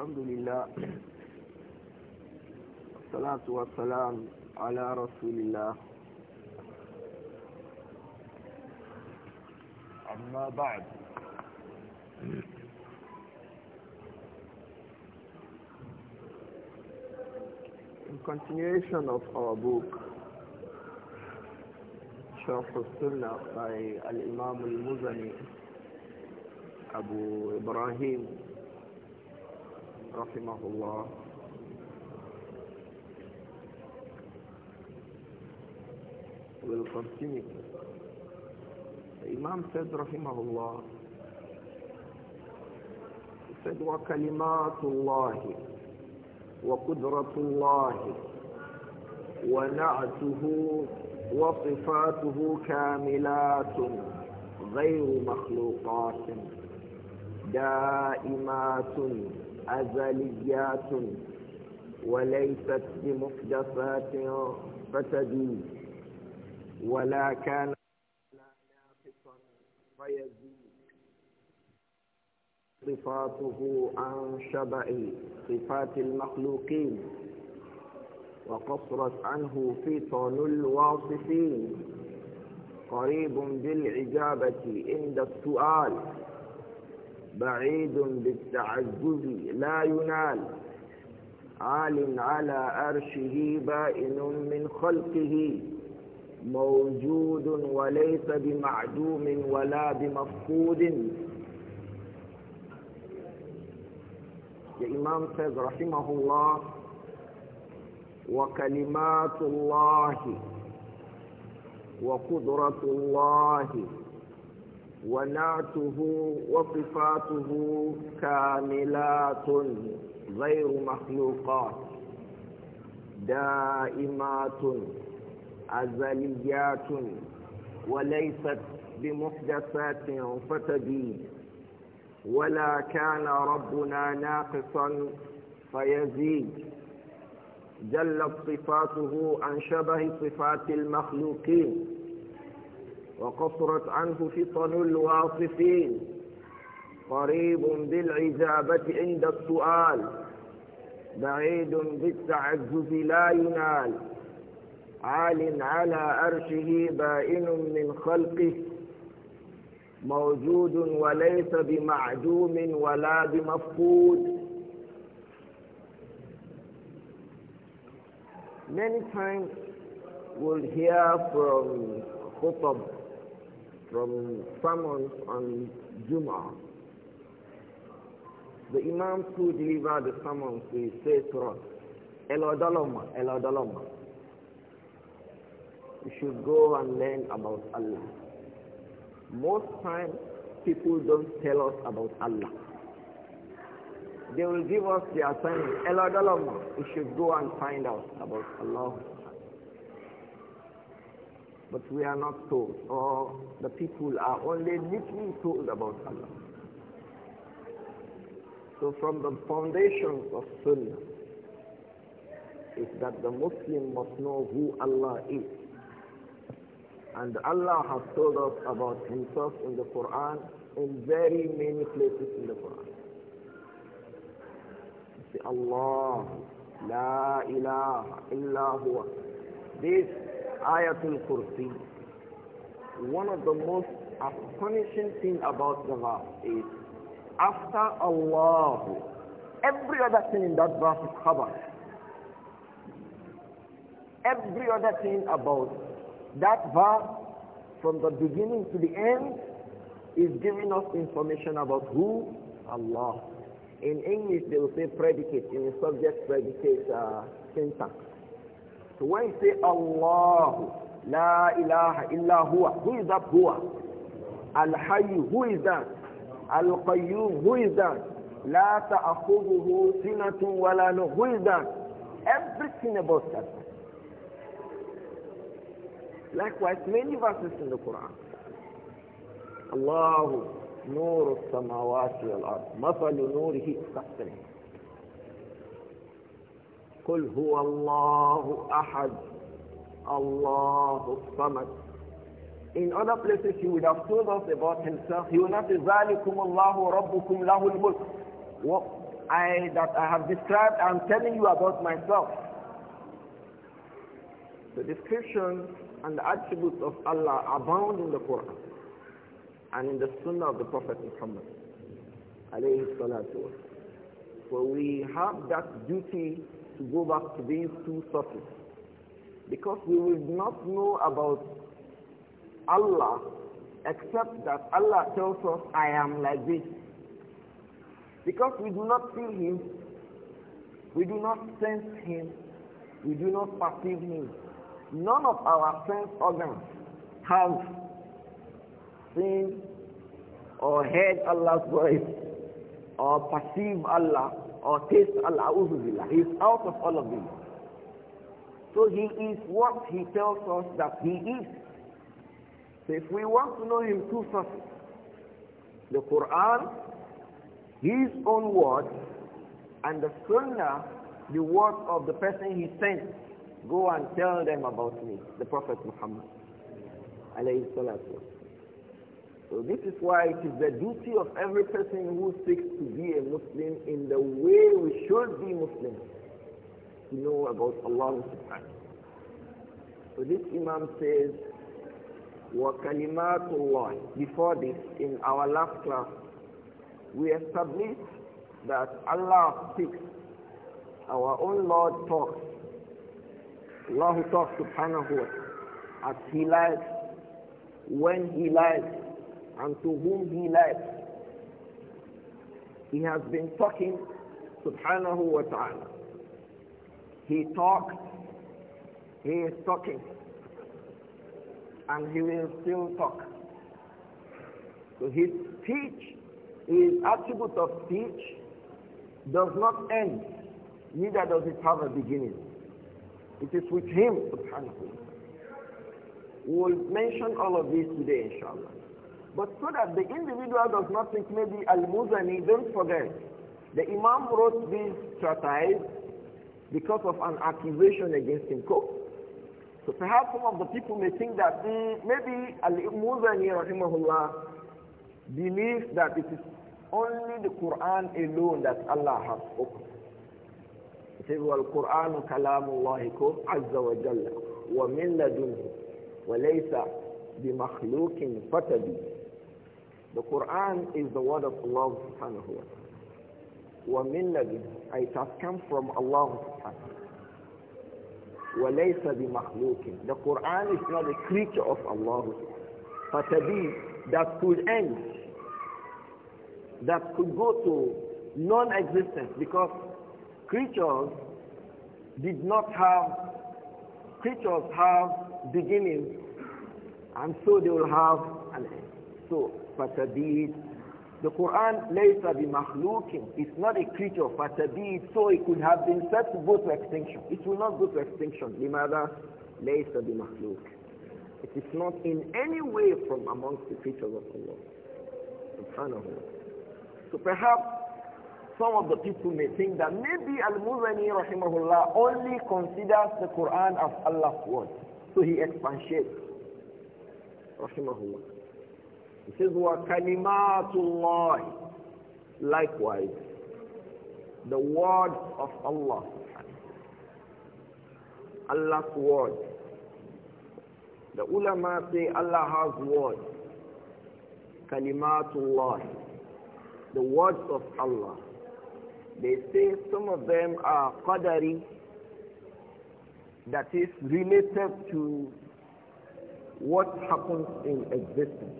الحمد لله والصلاة والسلام على رسول الله أما بعد In continuation of our book شرح السنة by الإمام المزني أبو إبراهيم رحمه الله will continue. The Imam said, Rahimahullah, وَكَلِمَاتُ اللَّهِ وَقُدْرَةُ اللَّهِ وَنَعْتُهُ وَصِفَاتُهُ كَامِلَاتٌ غَيْرُ مَخْلُوقَاتٍ دَائِمَاتٌ أزليات وليست بمحدثات فتدي ولا كان ناقصا فيزيد صفاته عن شبع صفات المخلوقين وقصرت عنه فطن الواصفين قريب بالعجابة عند السؤال بعيد بالتعجز لا ينال عال على عرشه بائن من خلقه موجود وليس بمعدوم ولا بمفقود الإمام Imam رحمه الله وكلمات الله وقدرة الله ونعته وصفاته كاملات غير مخلوقات دائمات أزليات وليست بمحدثات فتدين ولا كان ربنا ناقصا فيزيد جلت صفاته عن شبه صفات المخلوقين وقصرت عنه فطن الواصفين قريب بالعجابة عند السؤال بعيد بالتعجز لا ينال عال على أرشه بائن من خلقه موجود وليس بمعدوم ولا بمفقود Many times we'll hear from Khutab from sermons on Jum'ah. The Imam who deliver the summons, he says to us, Elodoloma, Elodoloma. You should go and learn about Allah. Most times, people don't tell us about Allah. They will give us the assignment, Elodoloma. You should go and find out about Allah but we are not told, or the people are only little told about Allah. So from the foundations of Sunnah is that the Muslim must know who Allah is. And Allah has told us about himself in the Quran in very many places in the Quran. Say Allah, La ilaha illa huwa. This Ayatul Kursi, one of the most astonishing thing about the verse is after Allah, every other thing in that verse is covered. Every other thing about that verse from the beginning to the end is giving us information about who? Allah. In English they will say predicate, in the subject predicate uh, syntax. So when you say Allah, La ilaha illa huwa, who is that huwa? al hayy, who is that? Al-Qayyum, who is that? La ta'akhuduhu sinatu wala no, who is that? Everything about that. Likewise, many verses in the Quran. Allahu, al-ard mafalu مثل hi كالسنين قل هو الله أحد الله الصمد In other places he would have told us about himself. He will not say, ذَلِكُمُ اللَّهُ رَبُّكُمْ لَهُ الْمُلْكُ What I, that I have described, I'm telling you about myself. The description and the attributes of Allah abound in the Quran and in the Sunnah of the Prophet Muhammad. Alayhi salatu wa. we have that duty to go back to these two sources. Because we will not know about Allah except that Allah tells us, I am like this. Because we do not see Him, we do not sense Him, we do not perceive Him. None of our sense organs have seen or heard Allah's voice or perceive Allah or taste Allah audhu He is out of all of these. So he is what he tells us that he is. So if we want to know him, too, sources. The Quran, his own word, and the Sunnah, the word of the person he sent. Go and tell them about me, the Prophet Muhammad. Alayhi salatu so this is why it is the duty of every person who seeks to be a Muslim in the way we should be Muslims to know about Allah subhanahu so this Imam says, وَكَلِمَاتُ Before this, in our last class, we established that Allah speaks. Our own Lord talks. Allah who talks subhanahu wa as He likes, when He likes, and to whom he likes. He has been talking, subhanahu wa ta'ala. He talks, he is talking, and he will still talk. So his speech, his attribute of speech, does not end, neither does it have a beginning. It is with him, subhanahu wa ta'ala. We will mention all of this today, inshallah. But so that the individual does not think maybe Al-Muzani, don't forget, the Imam wrote these treatise because of an accusation against him. So perhaps some of the people may think that mm, maybe Al-Muzani, rahimahullah, believes that it is only the Quran alone that Allah has spoken. It says, وَالْقُرْآنُ كَلَامُ اللَّهِ عَزَّ وَجَلَّ وَمِنْ لَدُنْهُ وَلَيْسَ بِمَخْلُوقٍ فَتَبِي the Quran is the word of Allah subhanahu wa ta'ala. وَمِنْ It has come from Allah subhanahu wa ta'ala. The Quran is not a creature of Allah فَتَبِي That could end. That could go to non-existence because creatures did not have creatures have beginnings and so they will have an end. So fatabid. The Quran lays a makhlukin. It's not a creature, fatabid. So it could have been set to go to extinction. It will not go to extinction. Limada lays a makhluk. It is not in any way from amongst the creatures of Allah. Subhanahu So perhaps some of the people may think that maybe Al-Muzani rahimahullah only considers the Quran as Allah's word. So he expatiates. Rahimahullah. It says, wa kalimatullah. Likewise, the words of Allah. Allah's word. The ulama say Allah has word. Kalimatullah. The words of Allah. They say some of them are qadari, that is related to what happens in existence.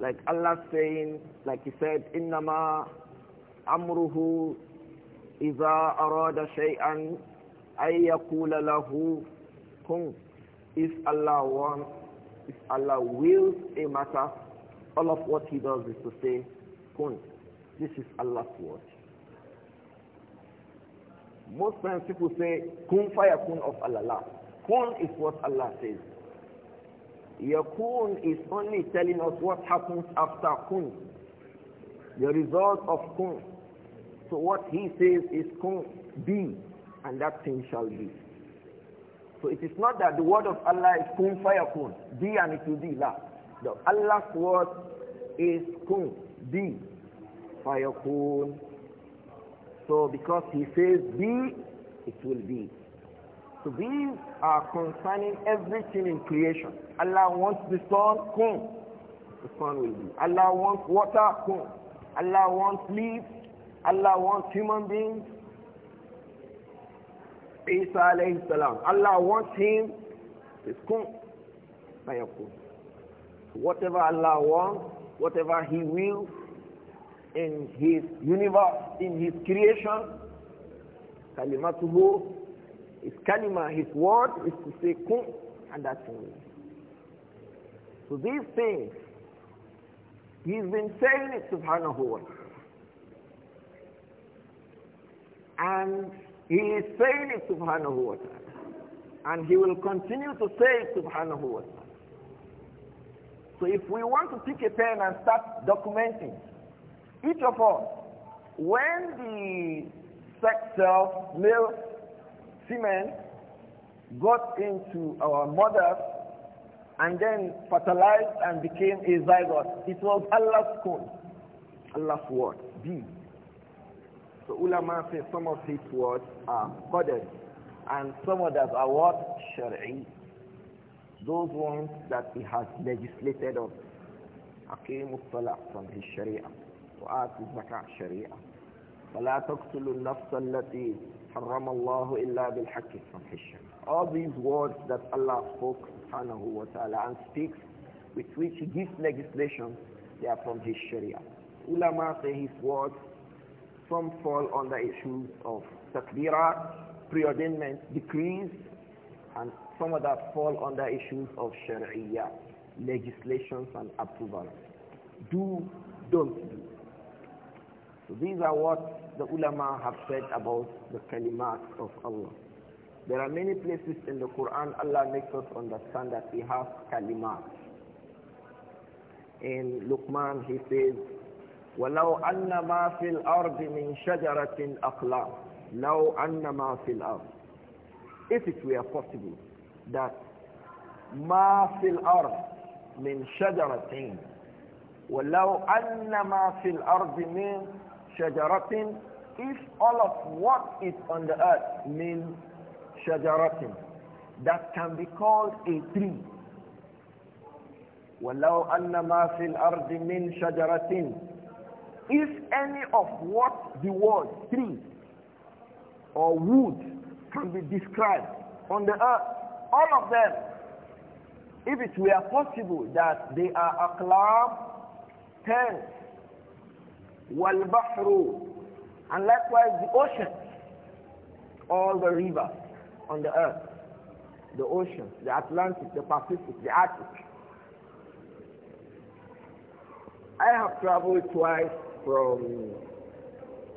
Like Allah saying, like He said, Innama amruhu iza arada shay'an ayyakula lahu kun. If Allah wants, if Allah wills a matter, all of what He does is to say, kun. This is Allah's word. Most times people say, kun fayakun of Allah. Kun is what Allah says. Yakun is only telling us what happens after kun, the result of kun. So what he says is kun be, and that thing shall be. So it is not that the word of Allah is kun kun be and it will be la. The Allah's word is kun, be, fire kun. So because he says be, it will be. So these are concerning everything in creation. Allah wants the sun, come. The sun will be. Allah wants water, come. Allah wants leaves. Allah wants human beings. Isa alayhi salam. Allah wants him. It's come. Fayakun. Whatever Allah wants, whatever he wills in his universe, in his creation, kalimatuhu his kalima, his word is to say kun, and that's it. So these things, he's been saying it subhanahu wa ta'ala. And he is saying it subhanahu wa ta'ala. And he will continue to say it subhanahu wa ta'ala. So if we want to pick a pen and start documenting, each of us, when the sex self, male semen got into our mother and then fertilized and became a zygote. It was Allah's cone, Allah's word, deed. So ulama say some of these words are qadr and some of them are what? Shari'i. Those ones that he has legislated of. أقيموا الصلاة from his sharia وآتوا الزكاة شريعة فلا تقتلوا النفس التي حرم الله إلا بالحق All these words that Allah spoke subhanahu wa ta'ala and speaks with which he gives legislation, they are from his sharia. Ulama say his words, some fall on the issues of takbirah, preordainment, decrees, and some of that fall on the issues of sharia, legislations and approval. Do, don't do. So these are what the ulama have said about the kalimat of Allah. There are many places in the Quran Allah makes us understand that we have kalimat. In Luqman he says, وَلَوْ أَنَّ مَا فِي الْأَرْضِ مِنْ شَجَرَةٍ أَقْلَامٍ لَوْ أَنَّ مَا فِي الْأَرْضِ If it were possible that مَا فِي الْأَرْضِ مِنْ شَجَرَةٍ وَلَوْ أَنَّ مَا فِي الْأَرْضِ مِنْ شَجَرَةٍ if all of what is on the earth means shajaratin, that can be called a tree. وَلَوْ أَنَّ مَا فِي الْأَرْضِ مِنْ شَجَرَةٍ If any of what the word tree or wood can be described on the earth, all of them, if it were possible that they are aqlab, tents, وَالْبَحْرُ and likewise the ocean, all the rivers on the earth, the ocean, the Atlantic, the Pacific, the Arctic. I have traveled twice from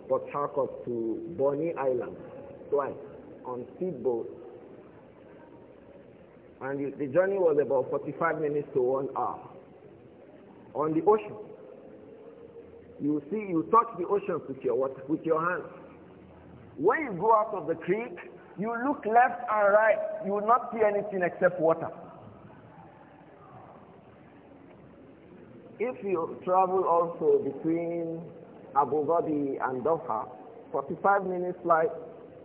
Port Harcourt to Bonny Island, twice, on speedboat. And the journey was about 45 minutes to one hour on the ocean you see, you touch the oceans with your, water, with your hands. When you go out of the creek, you look left and right, you will not see anything except water. If you travel also between Abu Dhabi and Doha, 45 minutes flight,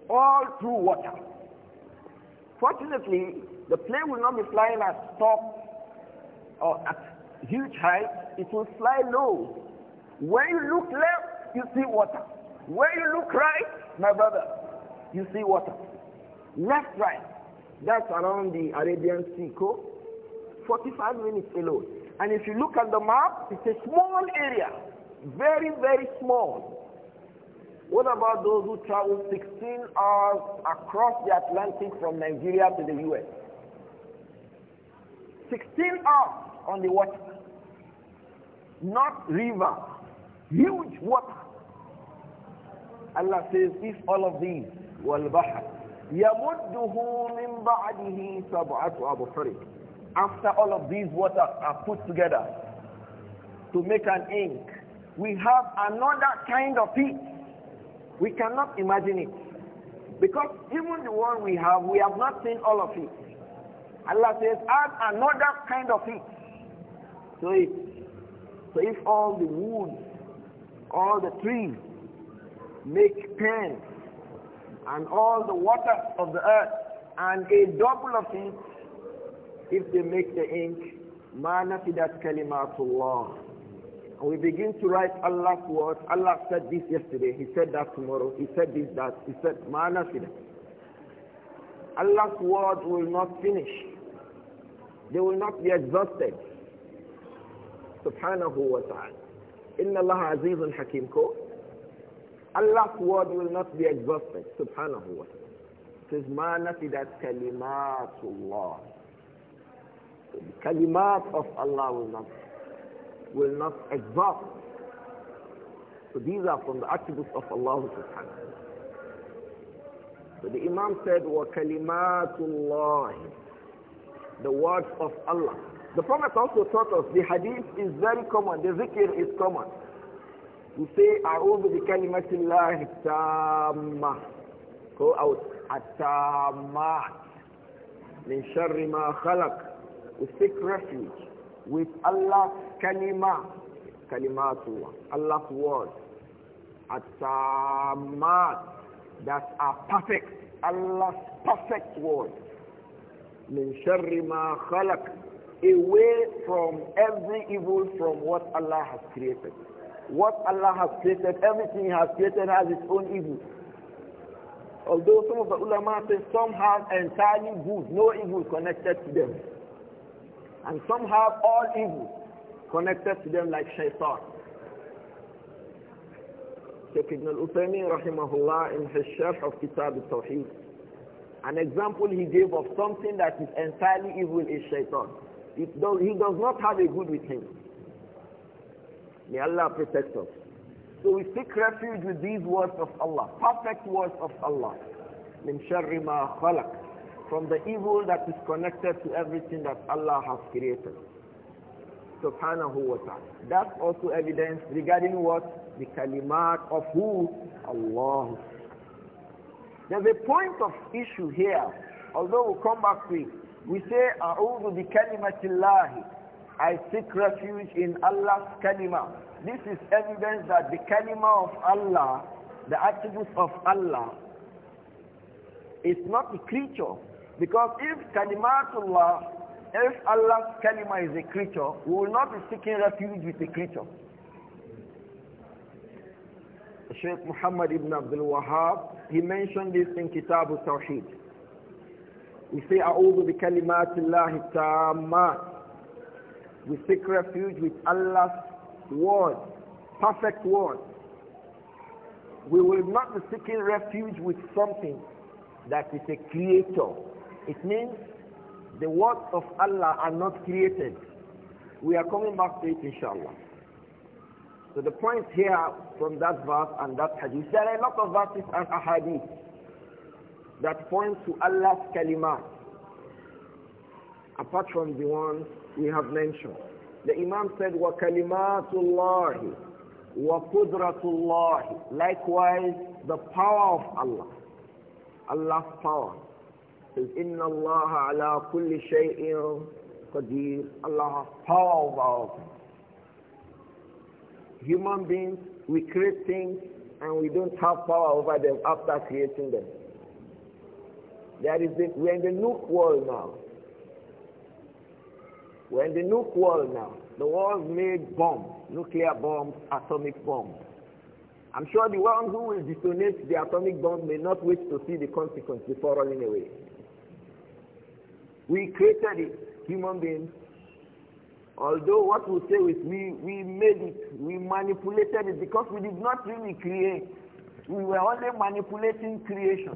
all through water. Fortunately, the plane will not be flying at top or at huge height, it will fly low when you look left, you see water. When you look right, my brother, you see water. Left, right. That's around the Arabian Sea coast. 45 minutes alone. And if you look at the map, it's a small area. Very, very small. What about those who travel 16 hours across the Atlantic from Nigeria to the US? 16 hours on the water. Not river, Huge water. Allah says, if all of these والبحر يمده من بعده سبعة أبصر After all of these water are put together to make an ink, we have another kind of heat. We cannot imagine it. Because even the one we have, we have not seen all of it. Allah says, add another kind of heat to it. So if all the wood all the trees make pens and all the water of the earth and a double of it if they make the ink ma nafidat kalimatullah we begin to write Allah's words Allah said this yesterday he said that tomorrow he said this that he said ma Allah's word will not finish they will not be exhausted subhanahu wa ta'ala Inna Allah Azizun Hakim Ko. Allah's word will not be exhausted. Subhanahu wa ta'ala. It says, Ma kalimatullah. So the kalimat of Allah will not, will not exhaust. So these are from the attributes of Allah subhanahu so the Imam said, "Wa Kalimatullah." The words of Allah. The Prophet also taught us the hadith is very common, the zikr is common. You say, A'udhu bi kalimatillahi tamma. Go out. At-tammat. Min sharri ma khalaq. We seek refuge with Allah's kalima. kalimatullah, Allah's word. At-tammat. That are perfect. Allah's perfect word. Min sharri ma khalaq away from every evil from what Allah has created. What Allah has created, everything He has created has its own evil. Although some of the ulama say some have entirely good, no evil connected to them. And some have all evil connected to them like shaitan. Sheikh Ibn al-Uthaymeen rahimahullah in his sharh of Kitab al-Tawheed an example he gave of something that is entirely evil is shaitan. It does, he does not have a good with him. May Allah protect us. So we seek refuge with these words of Allah, perfect words of Allah. Min sharri ma khalaq. From the evil that is connected to everything that Allah has created. Subhanahu wa ta'ala. That's also evidence regarding what? The kalimat of who? Allah. There's a point of issue here, although we'll come back to it. We say, A'udhu bi kalimatillahi. I seek refuge in Allah's kalima. This is evidence that the kalima of Allah, the attributes of Allah, is not a creature. Because if kalimatullah, if Allah's kalima is a creature, we will not be seeking refuge with a creature. Sheikh Muhammad ibn Abdul Wahab, he mentioned this in Kitab al-Tawheed. We say, a'udhu بكلمات الله التامات. We seek refuge with Allah's word, perfect word. We will not be seeking refuge with something that is a creator. It means the words of Allah are not created. We are coming back to it, inshallah. So the point here from that verse and that hadith, there are a lot of verses and ahadith that points to Allah's kalimat, apart from the ones we have mentioned. The Imam said, wa اللَّهِ wa اللَّهِ Likewise, the power of Allah. Allah's power. is Inna Allah ala kulli shay'in qadir. Allah has power over all things. Human beings, we create things and we don't have power over them after creating them. There is we're in the nook world now. We're in the nuke world now. The world made bombs, nuclear bombs, atomic bombs. I'm sure the one who will detonate the atomic bomb may not wait to see the consequence before running away. We created it, human beings. Although what we say is we, we made it, we manipulated it because we did not really create. We were only manipulating creation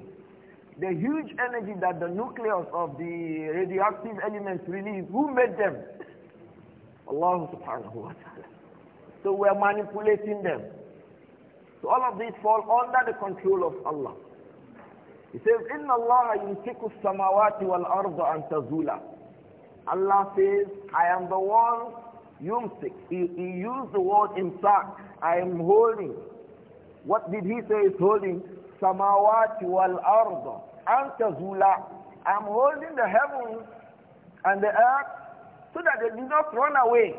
the huge energy that the nucleus of the radioactive elements release, who made them? Allah subhanahu wa ta'ala. So we are manipulating them. So all of these fall under the control of Allah. He says, إِنَّ اللَّهَ يُمْسِكُ السَّمَاوَاتِ وَالْأَرْضَ أَن تَزُولَ Allah says, I am the one yumsik. He, he used the word imsak. I am holding. What did he say is holding? samawati wal ard an tazula. I'm holding the heavens and the earth so that they do not run away.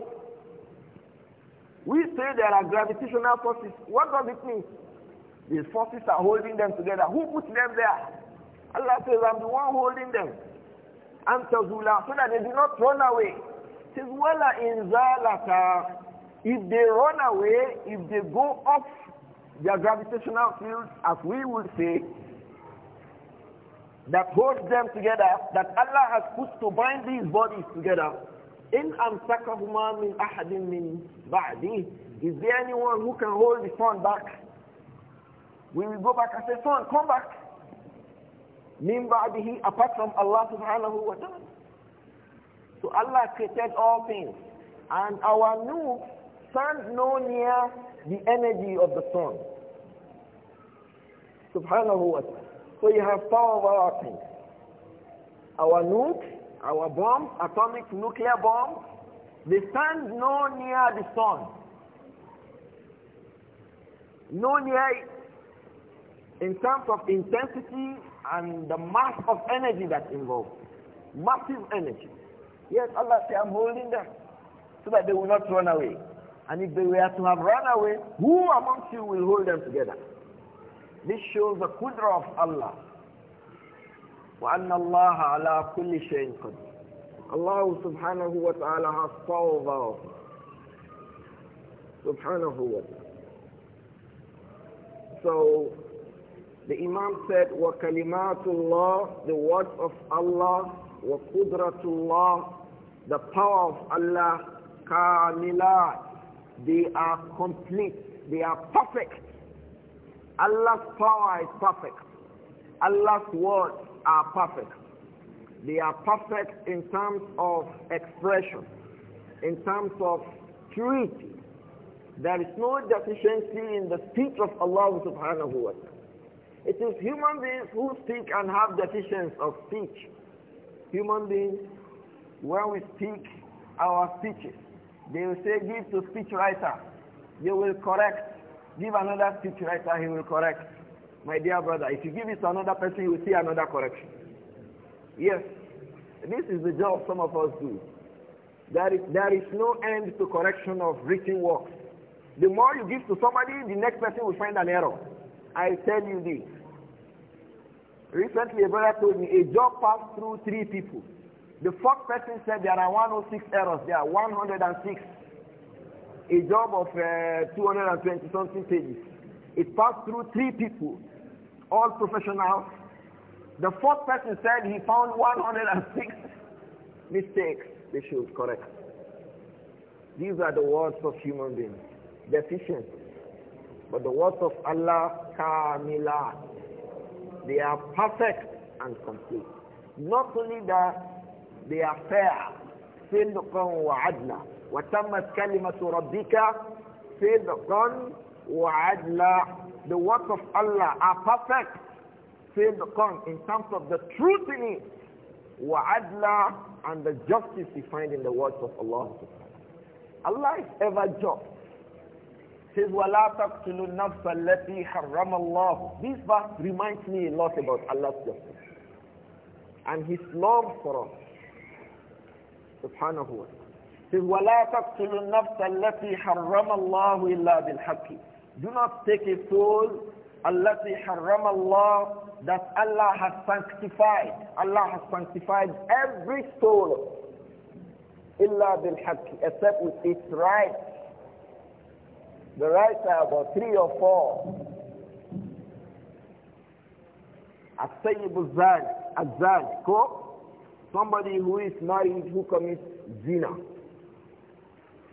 We say there are gravitational forces. What does it mean? These forces are holding them together. Who put them there? Allah says, I'm the one holding them. And Tazula, so that they do not run away. It says, Wala in Zalata. If they run away, if they go off their gravitational field, as we would say, that holds them together, that Allah has put to bind these bodies together. In amsakahuma min ahadim min ba'di. Is there anyone who can hold the sun back? We will go back and say, son, come back. Min ba'dihi, apart from Allah subhanahu wa ta'ala. So Allah created all things. And our new sun no near the energy of the sun. Subhanahu wa ta'ala. So you have power over our things. Our nuke, our bomb, atomic nuclear bomb, they stand no near the sun. No near in terms of intensity and the mass of energy that's involved. Massive energy. Yes, Allah says, I'm holding them so that they will not run away. And if they were to have run away, who amongst you will hold them together? This shows the kudra of Allah. وَأَنَّ اللَّهَ عَلَىٰ كُلِّ شَيْءٍ قَدِيرٌ Allah subhanahu wa ta'ala has power Subhanahu wa ta'ala. So, the Imam said, وَكَلِمَاتُ اللَّهِ The words of Allah, وَقُدْرَةُ اللَّهِ The power of Allah, كَامِلَاتِ they are complete. They are perfect. Allah's power is perfect. Allah's words are perfect. They are perfect in terms of expression, in terms of purity. There is no deficiency in the speech of Allah subhanahu wa ta'ala. It is human beings who speak and have deficiency of speech. Human beings, when we speak, our speeches they will say, give to speech writer. They will correct. Give another speech writer, he will correct. My dear brother, if you give it to another person, you will see another correction. Yes, this is the job some of us do. There is, there is no end to correction of written works. The more you give to somebody, the next person will find an error. I tell you this. Recently, a brother told me a job passed through three people. The fourth person said there are 106 errors. There are 106. A job of uh, 220 something pages. It passed through three people, all professionals. The fourth person said he found 106 mistakes they should correct. These are the words of human beings, deficient. But the words of Allah, Kamila, they are perfect and complete. Not only that, they are fair. صدقا وعدلا وتمت كلمة ربك صدقا وعدلا The words of Allah are perfect. Sidqan in terms of the truth in it. Wa'adla and the justice defined find in the words of Allah. Allah is ever just. says, وَلَا تَقْتُلُ النَّفْسَ الَّتِي حَرَّمَ اللَّهُ This verse reminds me a lot about Allah's justice and His love for us. Subhanahu wa ta'ala. وَلَا تَقْتُلُ النَّفْسَ الَّتِي حَرَّمَ اللَّهُ إِلَّا بِالْحَقِّ Do not take a soul التي حرم الله that Allah has sanctified. Allah has sanctified every soul إِلَّا بِالْحَقِّ except with its right. The rights are about three or four. السيب الزاني الزاني كو Somebody who is married who commits zina.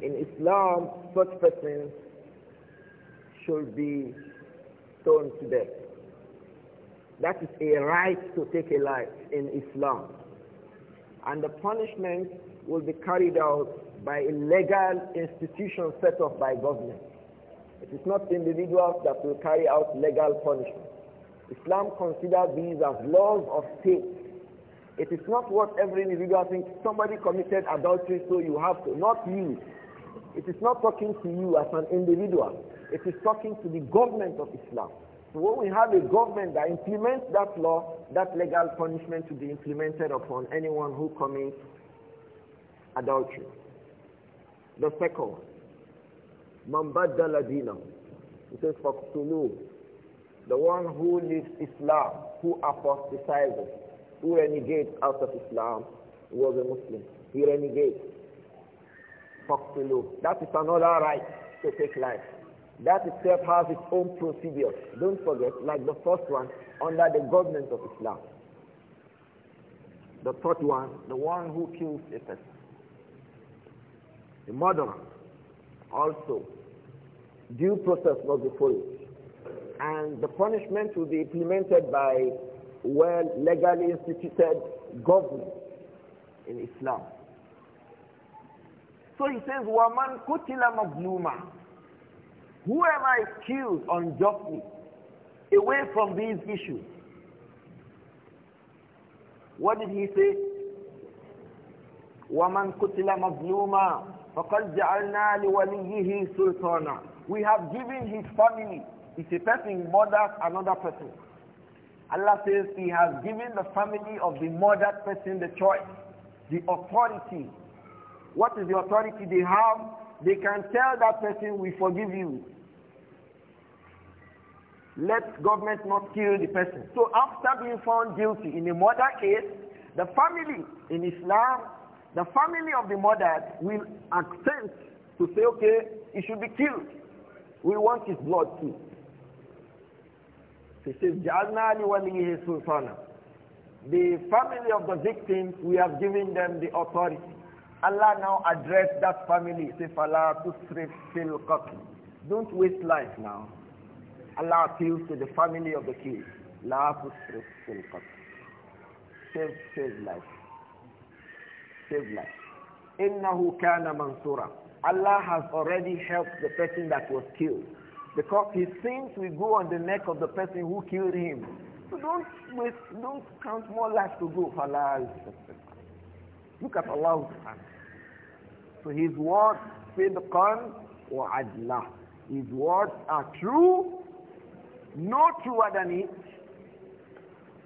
In Islam, such person should be stoned to death. That is a right to take a life in Islam. And the punishment will be carried out by a legal institution set up by government. It is not individuals that will carry out legal punishment. Islam considers these as laws of state it is not what every individual thinks. Somebody committed adultery, so you have to. Not you. It is not talking to you as an individual. It is talking to the government of Islam. So when we have a government that implements that law, that legal punishment to be implemented upon anyone who commits adultery. The second one, mambad baddala It says, فَقْتُلُوهُ The one who leaves Islam, who apostatizes, who renegates out of Islam was a Muslim. He renegades. That is another right to take life. That itself has its own procedure. Don't forget, like the first one, under the government of Islam. The third one, the one who kills a person. The murderer. Also, due process must be followed. And the punishment will be implemented by well legally instituted government in Islam. So he says, Waman kutila magluma. am I killed unjustly, away from these issues. What did he say? Waman kutila مَظْلُومًا فَقَدْ We have given his family, if a person murders another person, Allah says He has given the family of the murdered person the choice, the authority. What is the authority they have? They can tell that person, we forgive you. Let government not kill the person. So after being found guilty in a murder case, the family in Islam, the family of the murdered will accept to say, okay, he should be killed. We want his blood too. He says, Ja'alna li sultana. The family of the victims, we have given them the authority. Allah now address that family. He says, Fala tusrif fil Don't waste life now. Allah appeals to the family of the kids. La tusrif fil qatl. Save, save life. Save life. Innahu kana mansura. Allah has already helped the person that was killed. Because his sins will go on the neck of the person who killed him. So don't, don't count more life to go. life. Look at Allah. So his words, the Quran or Adla. His words are true, no truer than it.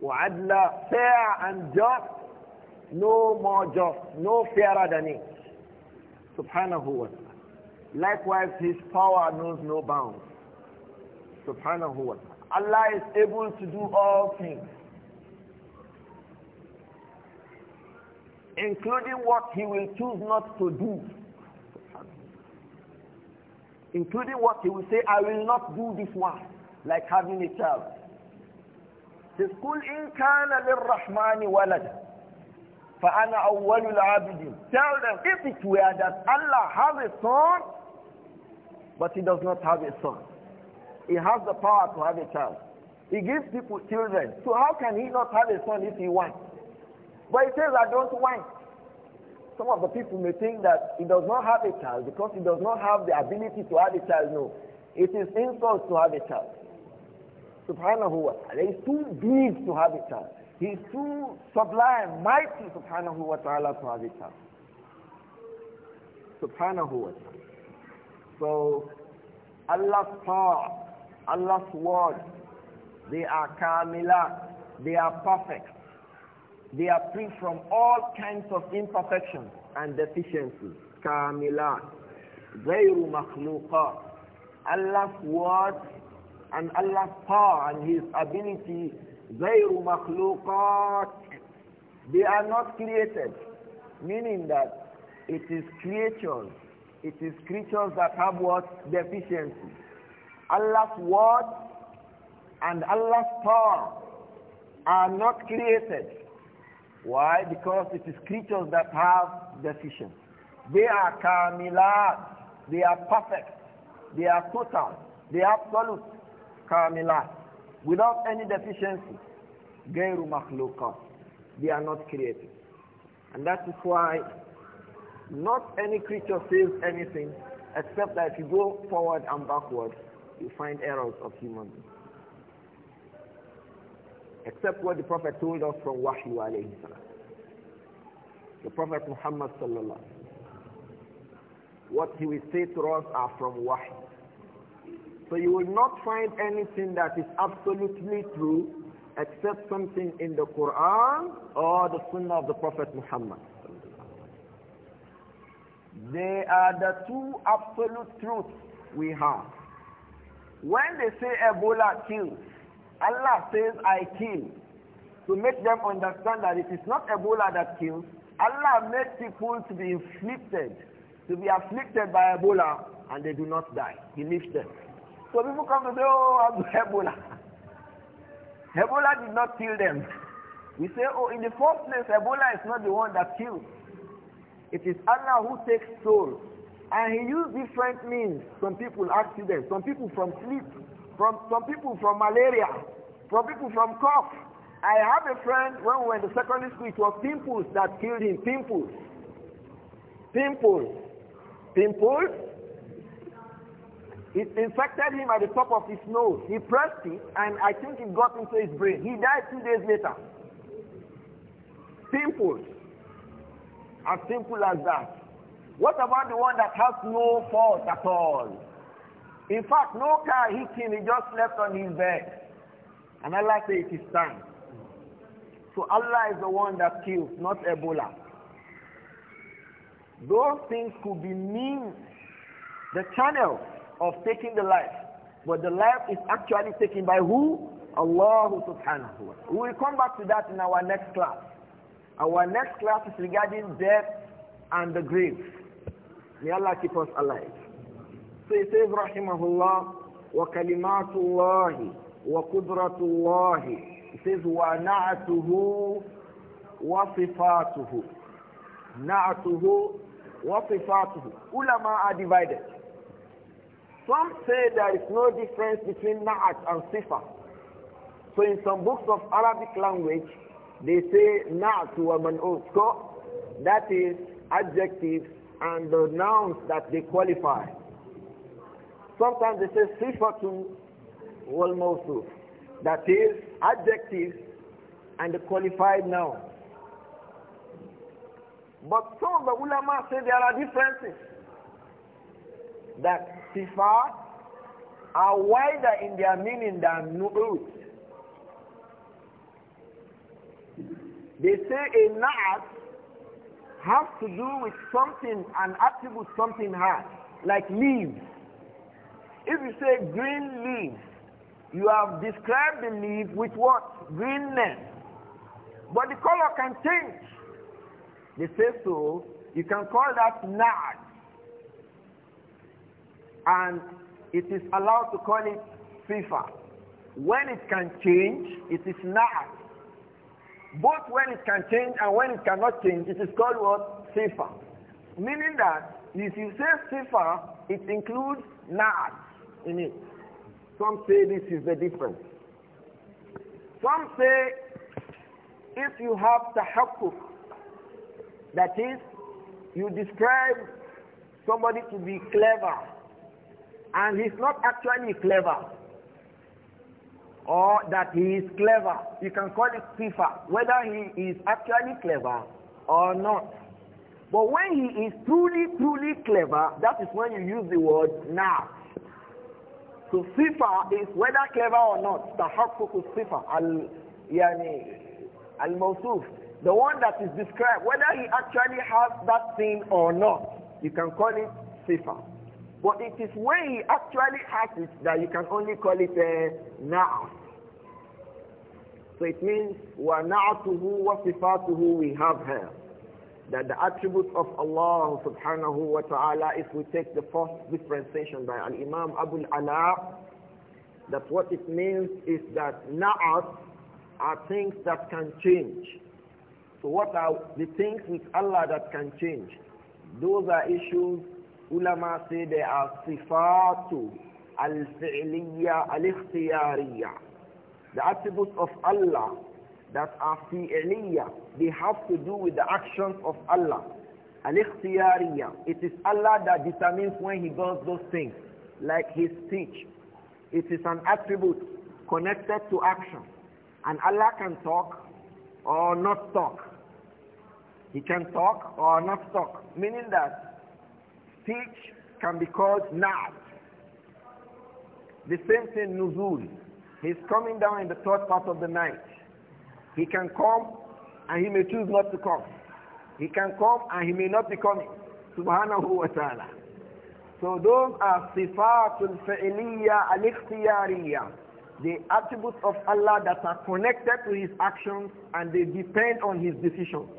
Adla, fair and just, no more just, no fairer than it. Subhanahu wa ta'ala. Likewise, his power knows no bounds. Subhanahu wa ta'ala. Allah is able to do all things. Including what he will choose not to do. Including what he will say, I will not do this one. Like having a child. Says, قُلْ إِنْ كَانَ لِلرَّحْمَنِ وَلَدًا فَأَنَا أَوَّلُ الْعَابِدِينَ Tell them, if it were that Allah has a son, but he does not have a son. He has the power to have a child. He gives people children. So how can he not have a son if he wants? But he says, I don't want. Some of the people may think that he does not have a child because he does not have the ability to have a child. No. It is insult to have a child. Subhanahu wa ta'ala. He's is too big to have a child. He is too sublime, mighty, subhanahu wa ta'ala, to have a child. Subhanahu wa ta'ala. So, Allah's power Allah's word. They are kamila. They are perfect. They are free from all kinds of imperfections and deficiencies. Kamila. are مخلوقات. Allah's word and Allah's power and His ability. are مخلوقات. They are not created. Meaning that it is creatures. It is creatures that have what? Deficiencies. Allah's word and Allah's power are not created. Why? Because it is creatures that have decisions. They are kamilat. They are perfect. They are total. They are absolute kamilat. Without any deficiency. Gairu They are not created. And that is why not any creature says anything except that if you go forward and backward, you find errors of human beings. Except what the Prophet told us from Wahyu alayhi salam. The Prophet Muhammad sallallahu What he will say to us are from Wahyu. So you will not find anything that is absolutely true except something in the Quran or the Sunnah of the Prophet Muhammad. They are the two absolute truths we have. When they say Ebola kills, Allah says, I kill. To make them understand that it is not Ebola that kills. Allah made people to be inflicted, to be afflicted by Ebola, and they do not die. He lifts them. So people come to say, oh, I'm Ebola. Ebola did not kill them. We say, oh, in the first place, Ebola is not the one that kills. It is Allah who takes souls and he used different means. Some people accidents, some people from sleep, from some people from malaria, from people from cough. I have a friend when we were in the secondary school, it was pimples that killed him. Pimples. Pimples. Pimples. It infected him at the top of his nose. He pressed it and I think it got into his brain. He died two days later. Pimples. As simple as that. What about the one that has no fault at all? In fact, no car hit him, he just slept on his bed. And Allah says it is time. So Allah is the one that kills, not Ebola. Those things could be mean the channel of taking the life. But the life is actually taken by who? Allah subhanahu wa ta'ala. We will come back to that in our next class. Our next class is regarding death and the grave. May Allah keep us alive. So he says, Rahimahullah, wa kalimatullahi wa qudratullahi. He says, wa na'atuhu wa sifatuhu. Na'atuhu wa sifatuhu. Ulama are divided. Some say there is no difference between na'at and sifa. So in some books of Arabic language, they say na'at wa man'ut. So that is adjectives and the nouns that they qualify. Sometimes they say sifatu wal mawsuf. That is adjective and the qualified noun. But some of the ulama say there are differences. That sifat are wider in their meaning than nu'ud. They say a na'at have to do with something, an attribute something has, like leaves. If you say green leaves, you have described the leaf with what? Greenness. But the color can change. They say so. You can call that nad. And it is allowed to call it fifa. When it can change, it is not both when it can change and when it cannot change, it is called what? Sifa. Meaning that if you say Sifa, it includes Na'at in it. Some say this is the difference. Some say if you have tahakkuk, that is, you describe somebody to be clever, and he's not actually clever or that he is clever. You can call it sifa, whether he is actually clever or not. But when he is truly, truly clever, that is when you use the word now. So sifa is whether clever or not. Tahakkuku sifa, al, yani, al-mawsuf. The one that is described, whether he actually has that thing or not, you can call it sifa. But it is when he actually has it that you can only call it a uh, now. So it means وَنَعْتُهُ وَصِفَاتُهُ we have here. That the attributes of Allah subhanahu wa ta'ala, if we take the first differentiation by Al-Imam Abu al-Ala, that what it means is that na'at are things that can change. So what are the things with Allah that can change? Those are issues Ulama say are sifatu al-fi'liya al-ikhtiyariya. The attributes of Allah that are fi'liya, they have to do with the actions of Allah. Al-ikhtiyariya. It is Allah that determines when he does those things, like his speech. It is an attribute connected to action. And Allah can talk or not talk. He can talk or not talk, meaning that Speech can be called na'at. The same thing nuzul. He's coming down in the third part of the night. He can come and he may choose not to come. He can come and he may not be coming. Subhanahu wa ta'ala. So those are sifatul fa'iliyya al-ikhtiyariyya. The attributes of Allah that are connected to his actions and they depend on his decisions.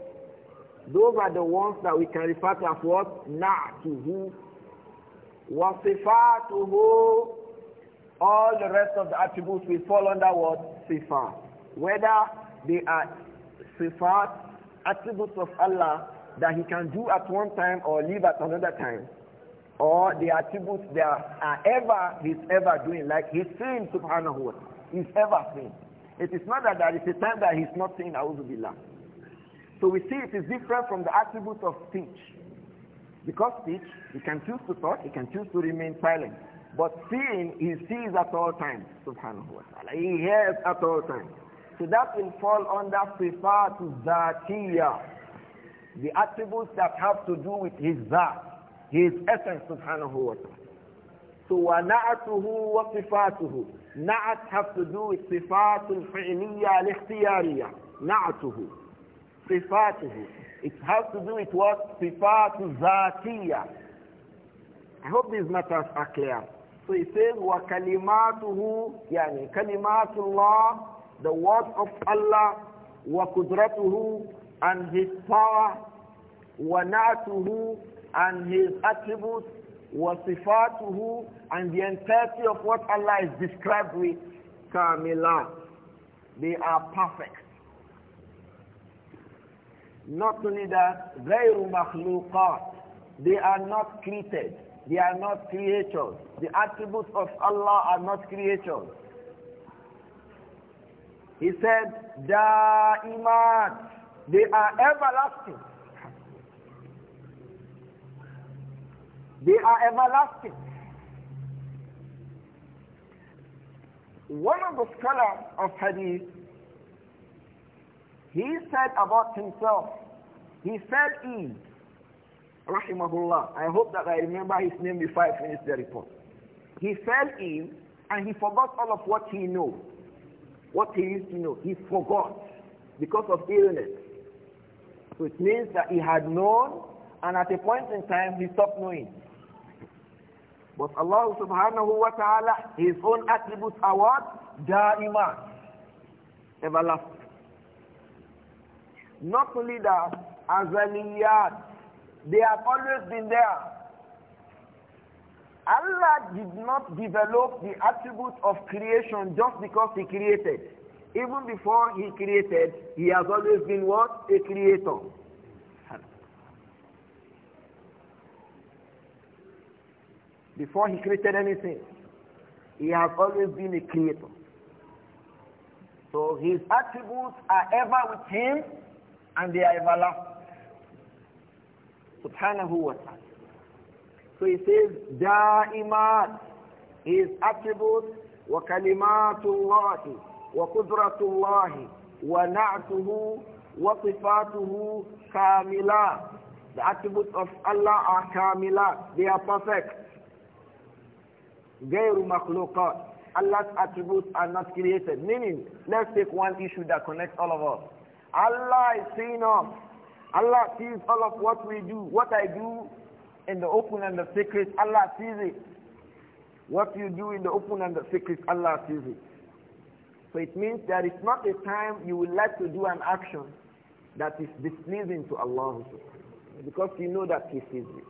Those are the ones that we can refer to as what? Na'tuhu. Wasifatuhu. All the rest of the attributes will fall under what? Sifa. Whether they are sifat, attributes of Allah that He can do at one time or leave at another time. Or the attributes that are ever, He's ever doing, like He's saying subhanahu wa ta'ala. He's ever saying. It is not that there is a time that He's not saying, A'udhu Billah. So we see it is different from the attributes of speech. Because speech, he can choose to talk, he can choose to remain silent. But seeing, he sees at all times, subhanahu wa ta'ala. He hears at all times. So that will fall under to zatiyya. The attributes that have to do with his zat, his essence, subhanahu wa ta'ala. So wa na'atuhu wa sifatuhu. Na'at have to do with sifatul fi'liyya al-ikhtiyariyya. Na'atuhu. Sifatuhu. It has to do with what? Sifatu Zatiya. I hope these matters are clear. So he says, وَكَلِمَاتُهُ يعني كلمات الله The word of Allah wa kudratuhu And His power wa وَنَعْتُهُ And His attributes wa sifatuhu And the entirety of what Allah is described with Kamila, They are perfect. Not only that, They are not created. They are not creatures. The attributes of Allah are not creatures. He said, Da'imat. They are everlasting. They are everlasting. One of the scholars of hadith he said about himself, he said in, rahimahullah. I hope that I remember his name before I finish the report. He fell in and he forgot all of what he knew, what he used to know. He forgot because of illness. So it means that he had known and at a point in time he stopped knowing. But Allah subhanahu wa ta'ala, his own attributes are what? Da'iman. Everlasting. Not only that, Azaliyat, they have always been there. Allah did not develop the attribute of creation just because He created. Even before He created, He has always been what? A creator. Before He created anything, He has always been a creator. So His attributes are ever with Him and they are everlasting. Subhanahu wa ta'ala. So he says, Da'imat, his attributes, wa kalimatullahi, wa qudratullahi, wa na'tuhu, wa sifatuhu kamila. The attributes of Allah are kamila, they are perfect. غير مخلوقات Allah's attributes are not created. Meaning, let's take one issue that connects all of us. Allah is seeing us. Oh, Allah sees all of what we do. What I do in the open and the secret, Allah sees it. What you do in the open and the secret, Allah sees it. So it means there is not a time you would like to do an action that is displeasing to Allah. Because you know that He sees you.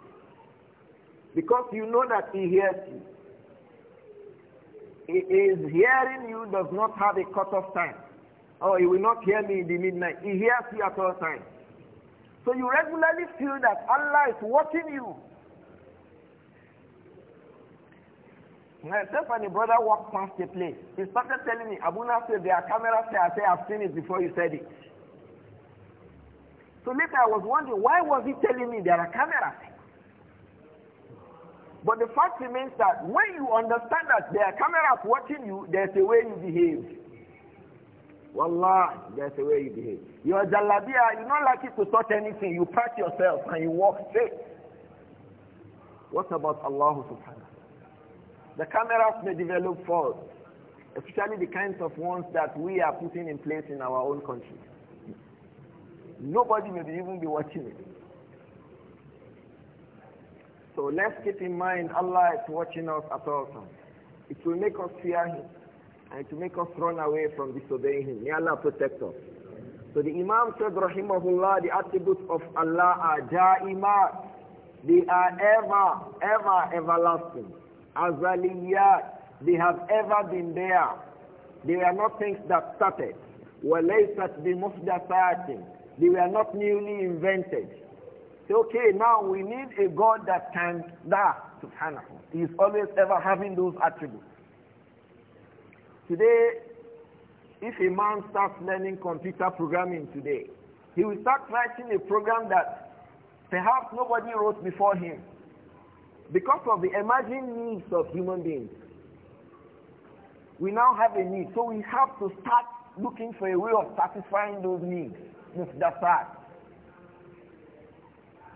Because you know that He hears you. His hearing you does not have a cut-off time. Oh, he will not hear me in the midnight. He hears you at all times. So you regularly feel that Allah is watching you. Myself and a brother walked past the place. He started telling me, Abuna said there are cameras there. I said, I've seen it before you said it. So later I was wondering, why was he telling me there are cameras? But the fact remains that when you understand that there are cameras watching you, there's a way you behave. Wallah, that's the way you behave. Your jalabiya, you're not likely to touch anything. You pat yourself and you walk straight. What about Allah subhanahu The cameras may develop faults, especially the kinds of ones that we are putting in place in our own country. Nobody may even be watching it. So let's keep in mind Allah is watching us at all times. It will make us fear Him and to make us run away from disobeying him. May Allah protect us. So the Imam said, Rahimahullah, the attributes of Allah are da'imat. They are ever, ever everlasting. Azaliyat. They have ever been there. They are not things that started. وَلَيْسَتْ بِمُفْدَثَاتٍ They were not newly invented. So, okay, now we need a God that can, that, subhanahu. He is always ever having those attributes. Today, if a man starts learning computer programming today, he will start writing a program that perhaps nobody wrote before him because of the emerging needs of human beings. We now have a need, so we have to start looking for a way of satisfying those needs. That's that.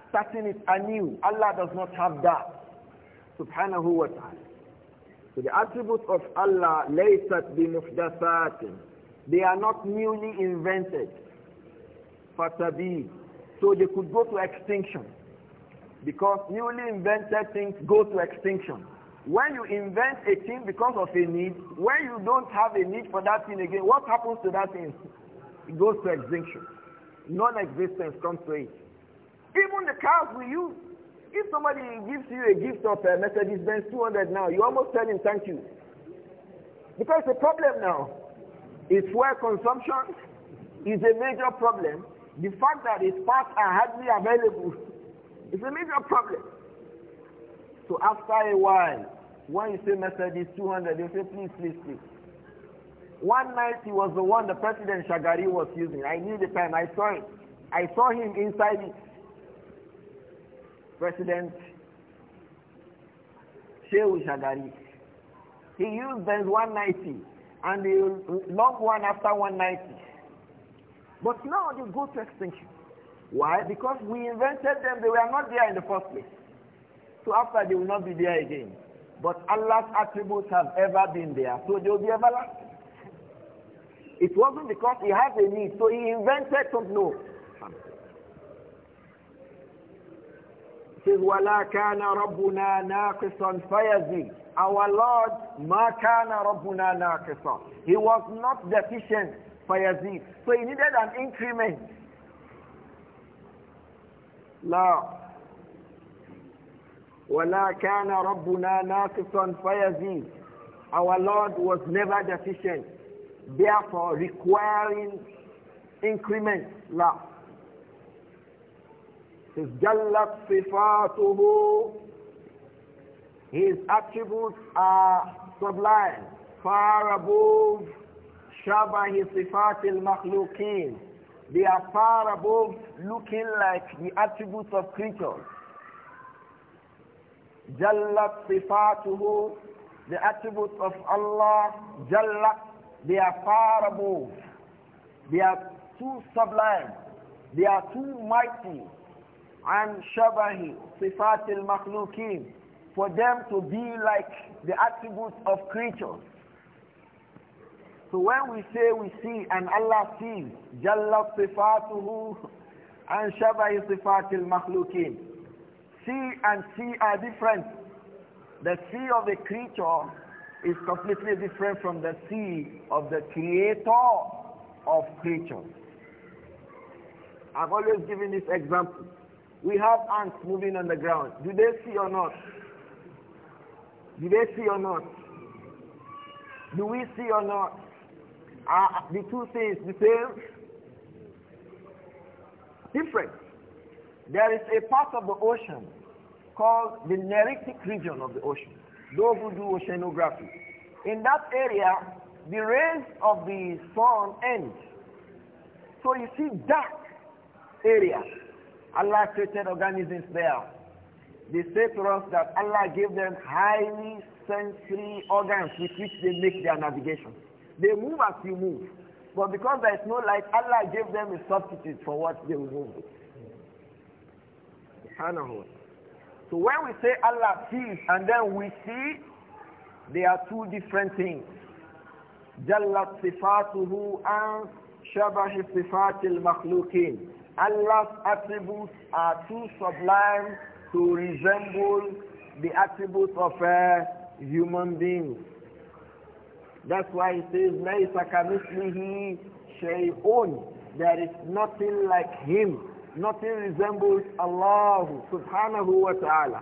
Starting it anew. Allah does not have that. Subhanahu wa ta'ala. So the attributes of Allah, laysat bimufdathatin. They are not newly invented. Fatabi. So they could go to extinction. Because newly invented things go to extinction. When you invent a thing because of a need, when you don't have a need for that thing again, what happens to that thing? It goes to extinction. Non-existence comes to it. Even the cars we use, if somebody gives you a gift of a Mercedes Benz 200 now, you almost tell him thank you. Because the problem now is where consumption is a major problem. The fact that its parts are hardly available is a major problem. So after a while, when you say Mercedes 200, you say please, please, please. One night he was the one the President Shagari was using. I knew the time. I saw it. I saw him inside it. President Shehu Shagari. He used Benz 190 and the long one after 190. But now they go to extinction. Why? Because we invented them, they were not there in the first place. So after they will not be there again. But Allah's attributes have ever been there, so they will be everlasting. It wasn't because he has a need, so he invented something. No, says, وَلَا كَانَ رَبُّنَا نَاقِصًا فَيَزِي Our Lord, مَا كَانَ رَبُّنَا He was not deficient, فَيَزِي So he needed an increment. La. وَلَا كَانَ رَبُّنَا نَاقِصًا Our Lord was never deficient, therefore requiring increment. La says, Jallat sifatuhu. His attributes are sublime, far above his sifatil makhluqin They are far above looking like the attributes of creatures. Jallat sifatuhu. The attributes of Allah, jalla. they are far above. They are too sublime. They are too mighty عن shabahi sifatil المخلوقين for them to be like the attributes of creatures. So when we say we see and Allah sees, Jalla sifatuhu and shabahi sifatil makhlukin. See and see are different. The see of the creature is completely different from the see of the creator of creatures. I've always given this example. We have ants moving on the ground. Do they see or not? Do they see or not? Do we see or not? Are ah, ah, the two things the same? Different. There is a part of the ocean called the Neritic region of the ocean. Those who do oceanography. In that area, the rays of the sun end. So you see dark area Allah created organisms there. They say to us that Allah gave them highly sensory organs with which they make their navigation. They move as you move. But because there is no light, Allah gave them a substitute for what they will move with. So when we say Allah sees and then we see, they are two different things. جلت صفاته عن شبه صفات المخلوقين Allah's attributes are too sublime to resemble the attributes of a human being. That's why it says, لَيْسَ كَمِثْلِهِ شَيْءٌ There is nothing like him. Nothing resembles Allah subhanahu wa ta'ala.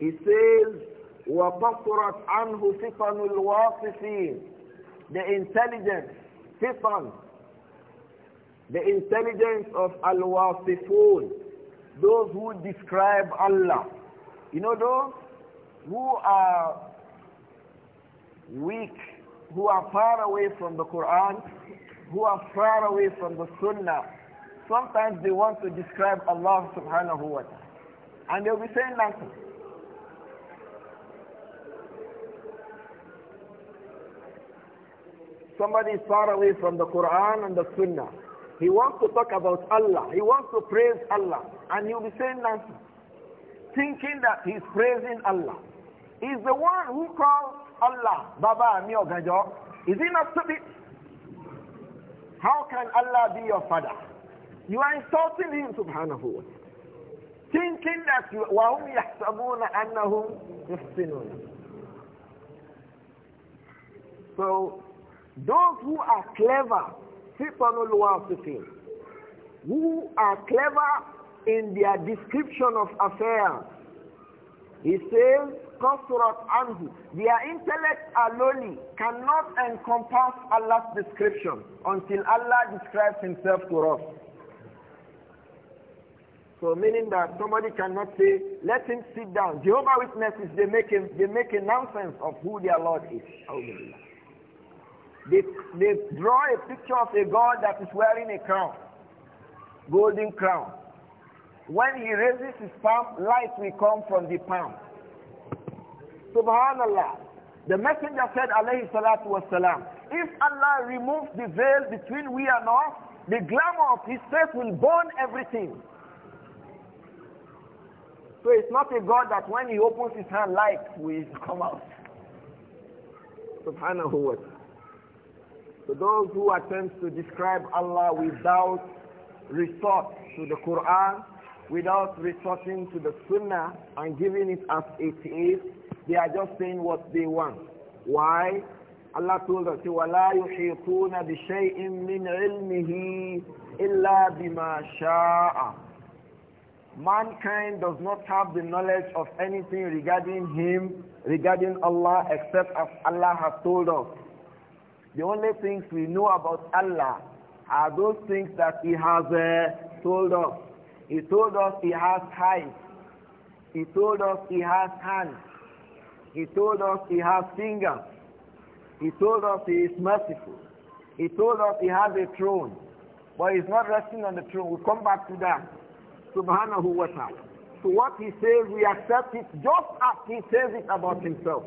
He says, وَقَصُرَتْ عَنْهُ فِطَنُ الْوَاصِفِينَ The intelligence, fitan, the intelligence of Al-Wasifun, those who describe Allah. You know those who are weak, who are far away from the Quran, who are far away from the Sunnah. Sometimes they want to describe Allah subhanahu wa ta'ala. And they'll be saying nothing. Somebody is far away from the Quran and the Sunnah. He wants to talk about Allah. He wants to praise Allah. And you'll be saying that, Thinking that he's praising Allah. He's the one who calls Allah Baba Ami Oganjo. Is he not stupid? How can Allah be your father? You are insulting him subhanahu wa ta'ala. Thinking that you وَهُمْ يَحْسَبُونَ أَنَّهُمْ يُحْسِنُونَ So, those who are clever fitanul wasifin, who are clever in their description of affairs. He says, Kasurat Anhu, their intellect alone cannot encompass Allah's description until Allah describes himself to us. So meaning that somebody cannot say, let him sit down. Jehovah Witnesses, they make, him, they make a nonsense of who their Lord is. They, they draw a picture of a god that is wearing a crown, golden crown. When he raises his palm, light will come from the palm. Subhanallah. The messenger said, alayhi salatu wasalam, if Allah removes the veil between we and us, the glamour of his face will burn everything. So it's not a God that when he opens his hand, light will come out. Subhanahu wa ta'ala. So those who attempt to describe Allah without resort to the Quran, without resorting to the Sunnah and giving it as it is, they are just saying what they want. Why? Allah told us, وَلَا يُحِيطُونَ بِشَيْءٍ مِّنْ عِلْمِهِ إِلَّا بِمَا شَاءَ Mankind does not have the knowledge of anything regarding him, regarding Allah, except as Allah has told us. The only things we know about Allah are those things that He has uh, told us. He told us He has eyes. He told us He has hands. He told us He has fingers. He told us He is merciful. He told us He has a throne. But He's not resting on the throne. We'll come back to that. Subhanahu wa ta'ala. So what He says, we accept it just as He says it about Himself.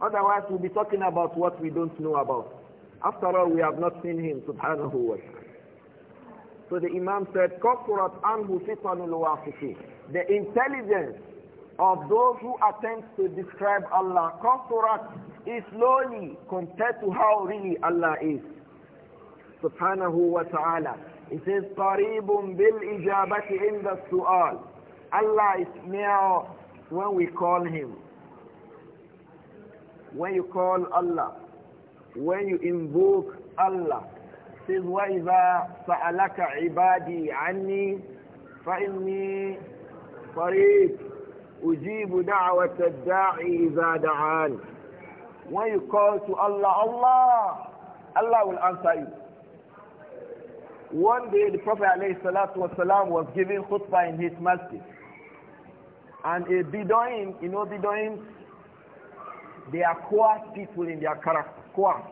Otherwise, we'll be talking about what we don't know about. After all, we have not seen him, subhanahu wa ta'ala. So the Imam said, Kafurat anhu fitanul The intelligence of those who attempt to describe Allah, Kafurat is lowly compared to how really Allah is. Subhanahu wa ta'ala. It says, قَرِيبٌ بِالْإِجَابَةِ عِنْدَ السُّؤَالِ Allah is near when we call Him. When you call Allah, when you invoke Allah says وَإِذَا سَأَلَكَ عِبَادِي عَنِّي فَإِنِّي قَرِيبٌ أُجِيبُ دَعْوَةَ الدَّاعِي إِذَا دَعَانِ When you call to Allah, Allah, Allah will answer you. One day the Prophet ﷺ was giving khutbah in his masjid. And a Bedouin, you know bedouin they are quiet people in their character quam.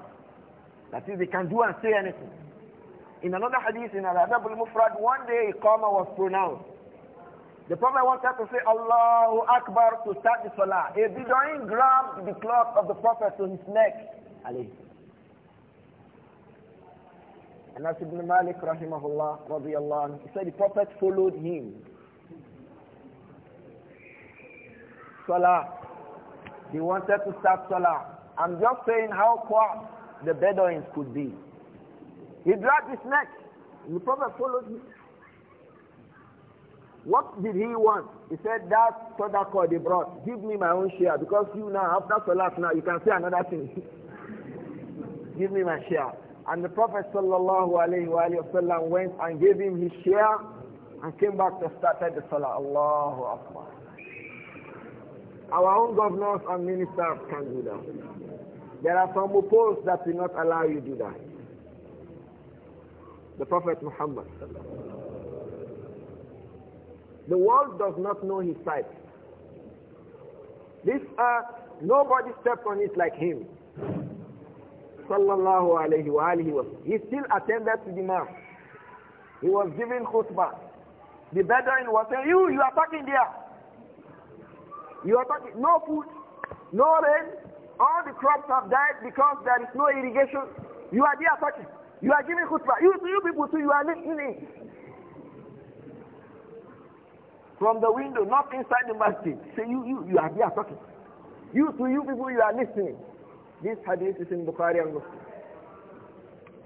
That is, they can do and say anything. In another hadith in Al-Adab al-Mufrad, one day Iqama was pronounced. The Prophet wanted to say Allahu Akbar to start the Salah. A Bedouin grabbed the cloth of the Prophet to his neck. And Anas ibn Malik rahimahullah radiyallahu anhu, he said the Prophet followed him. Salah. They wanted to start Salah. I'm just saying how poor the Bedouins could be. He dragged his neck. The Prophet followed him. What did he want? He said, that Sadaqah they brought, give me my own share because you now, after Salat now, you can say another thing. give me my share. And the Prophet sallallahu alayhi wa went and gave him his share and came back to start the Salah. Allahu Akbar. Our own governors and ministers can do that. There are some opposed that will not allow you to do that. The Prophet Muhammad. The world does not know his type. This earth, nobody stepped on it like him. Sallallahu alayhi wa wa He still attended to the mass. He was giving khutbah. The Bedouin was saying, you, you are talking there. You are talking, no food, no rain, all the crops have died because there is no irrigation. You are there talking. You are giving khutbah. You, you people too, you are listening. From the window, not inside the masjid. Say, so you, you, you are there talking. You to you people, you are listening. This hadith is in Bukhari and Muslim.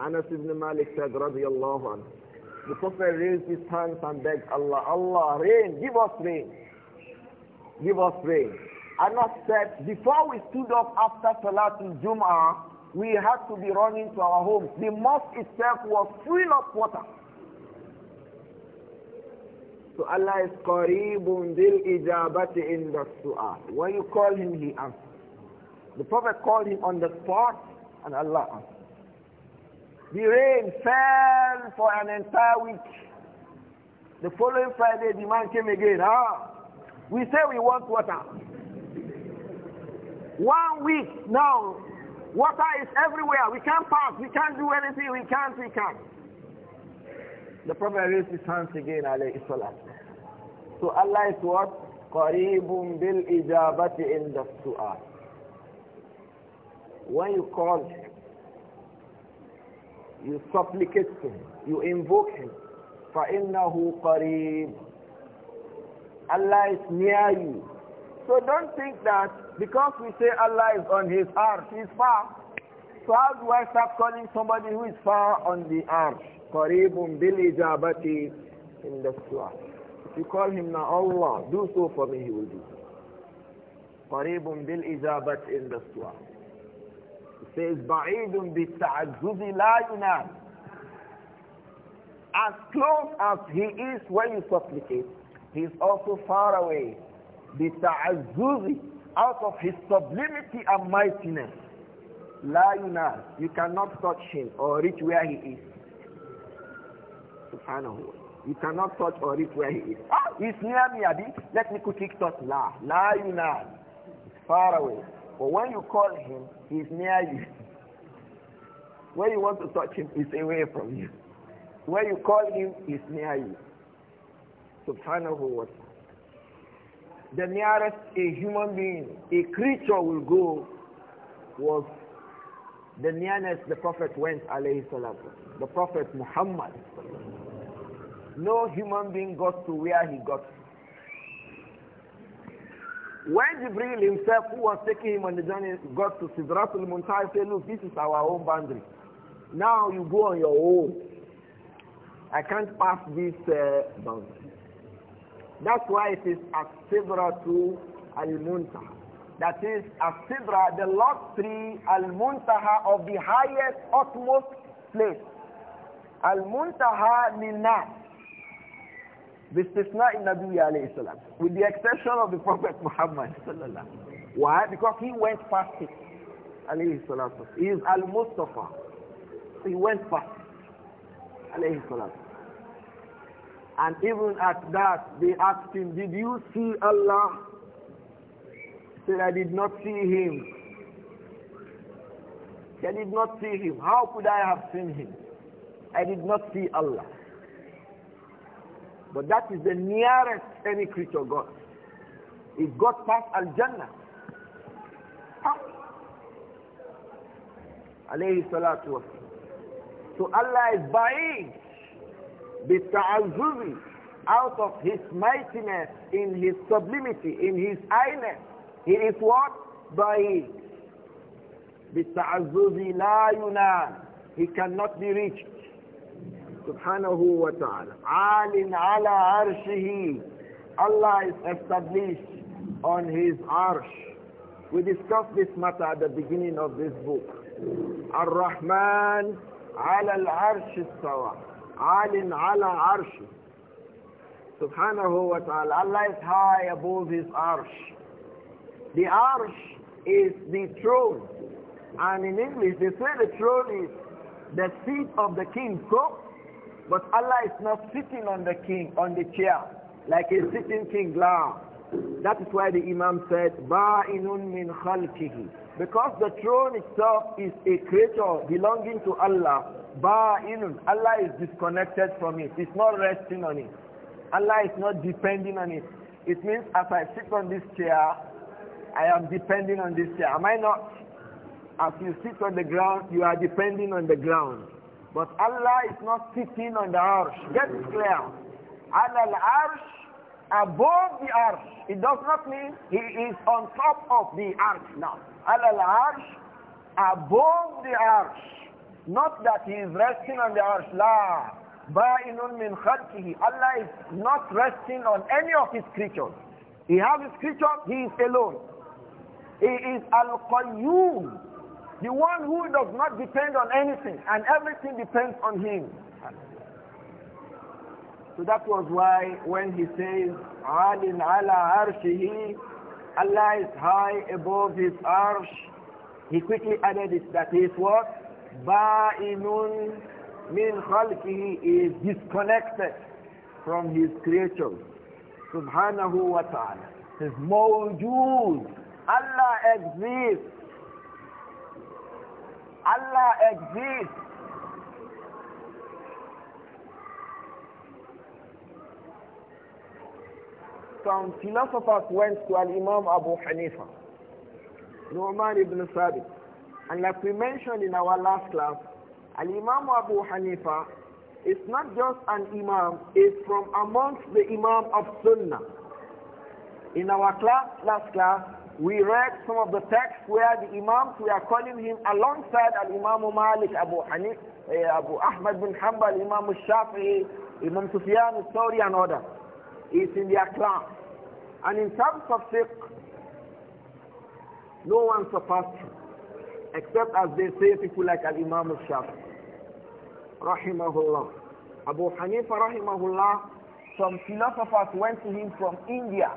Anas ibn Malik said, radiyallahu anhu, the Prophet raised his hands and begged Allah, Allah, rain, give us rain. Give us rain. Anas said, before we stood up after Salatul Jum'ah, we had to be running to our homes. The mosque itself was full of water. So Allah is qareebun dil ijabati in the su'ah. When you call him, he answers. The Prophet called him on the spot and Allah answered. The rain fell for an entire week. The following Friday, the man came again. Ah, we say we want water. One week now, water is everywhere. We can't pass. We can't do anything. We can't. We can't. The Prophet raised his hands again, alayhi salat. So Allah is what? قَرِيبٌ بِالْإِجَابَةِ عِنْدَ السُّؤَالِ When you call him, you supplicate him, you invoke him, فَإِنَّهُ قَرِيبٌ Allah is near you. So don't think that because we say Allah is on his arch, he's far. So how do I stop calling somebody who is far on the arch? Qaribun bil ijabati in the surah. If you call him now Allah, do so for me, he will do so. Qaribun bil ijabat in the surah. says, Ba'idun bi ta'azzuzi la As close as he is when you supplicate, he is also far away بِتَعَزُّرِ out of his sublimity and mightiness. La yunas, you cannot touch him or reach where he is. Subhanahu You cannot touch or reach where he is. Ah, he's near me, Abi. Let me quickly touch La. La yunas. It's far away. But when you call him, he's near you. Where you want to touch him, he's away from you. Where you call him, he's near you. Subhanahu wa ta'ala the nearest a human being, a creature will go was the nearest the Prophet went, alayhi salam. the Prophet Muhammad. No human being got to where he got When Jibril himself, who was taking him on the journey, got to Sidratul Muntah, he said, look, this is our own boundary. Now you go on your own. I can't pass this uh, boundary. That's why it is as-sibra to al-muntaha. That is as-sibra, the lot three al-muntaha of the highest, utmost place. Al-muntaha not in باستثناء النبي عليه السلام with the exception of the Prophet Muhammad Why? Because he went past it He is Al-Mustafa. He went past it and even at that, they asked him, Did you see Allah? He said, I did not see him. I did not see him. How could I have seen him? I did not see Allah. But that is the nearest any creature got. It got past Al Jannah. Alayhi salatu So Allah is buying. بِالتَّعَزُّزِ out of his mightiness, in his sublimity, in his highness. He is what? by بِالتَّعَزُّزِ لَا يُنَال He cannot be reached. سبحانه وتعالى عال على عرشه Allah is established on his arsh we discussed this matter at the beginning of this book الرحمن على العرش استوى عال على عرشه Subhanahu wa ta'ala. Allah is high above his arsh. The arsh is the throne. And in English they say the throne is the seat of the king. So, but Allah is not sitting on the king, on the chair, like a sitting king. La. That is why the Imam said, Ba'inun min khalqihi. Because the throne itself is a creature belonging to Allah. Ba'inun. Allah is disconnected from it. It's not resting on it. Allah is not depending on it. It means as I sit on this chair, I am depending on this chair. Am I not? As you sit on the ground, you are depending on the ground. But Allah is not sitting on the arsh. Get clear. Allah arsh, above the arsh. It does not mean he is on top of the arsh now. Allah arsh, above the arsh. Not that he is resting on the arsh. La. Ba'inun min khalqihi. Allah is not resting on any of his creatures. He has his creatures, he is alone. He is al-qayyum. The one who does not depend on anything and everything depends on him. So that was why when he says, Alin ala arshihi, Allah is high above his arsh, he quickly added it that he is what? ba'inun min khalqihi is disconnected from his creatures. Subhanahu wa ta'ala. His mawjood. Allah exists. Allah exists. Some philosophers went to Al-Imam Abu Hanifa, Nu'man ibn Sabit, and like we mentioned in our last class, Al-Imam Abu Hanifa is not just an Imam, he's from amongst the Imam of Sunnah. In our class, last class, we read some of the texts where the Imams are calling him alongside Al-Imam Malik, Abu Hanif, eh, Abu Ahmad bin Hanbal, Imam Shafi'i, Imam Sufyan al-Thawri and others. Is in their class. And in terms of fiqh, no one surpassed him. Except as they say people like Al-Imam al-Shafi. Rahimahullah. Abu Hanifa Rahimahullah, some philosophers went to him from India.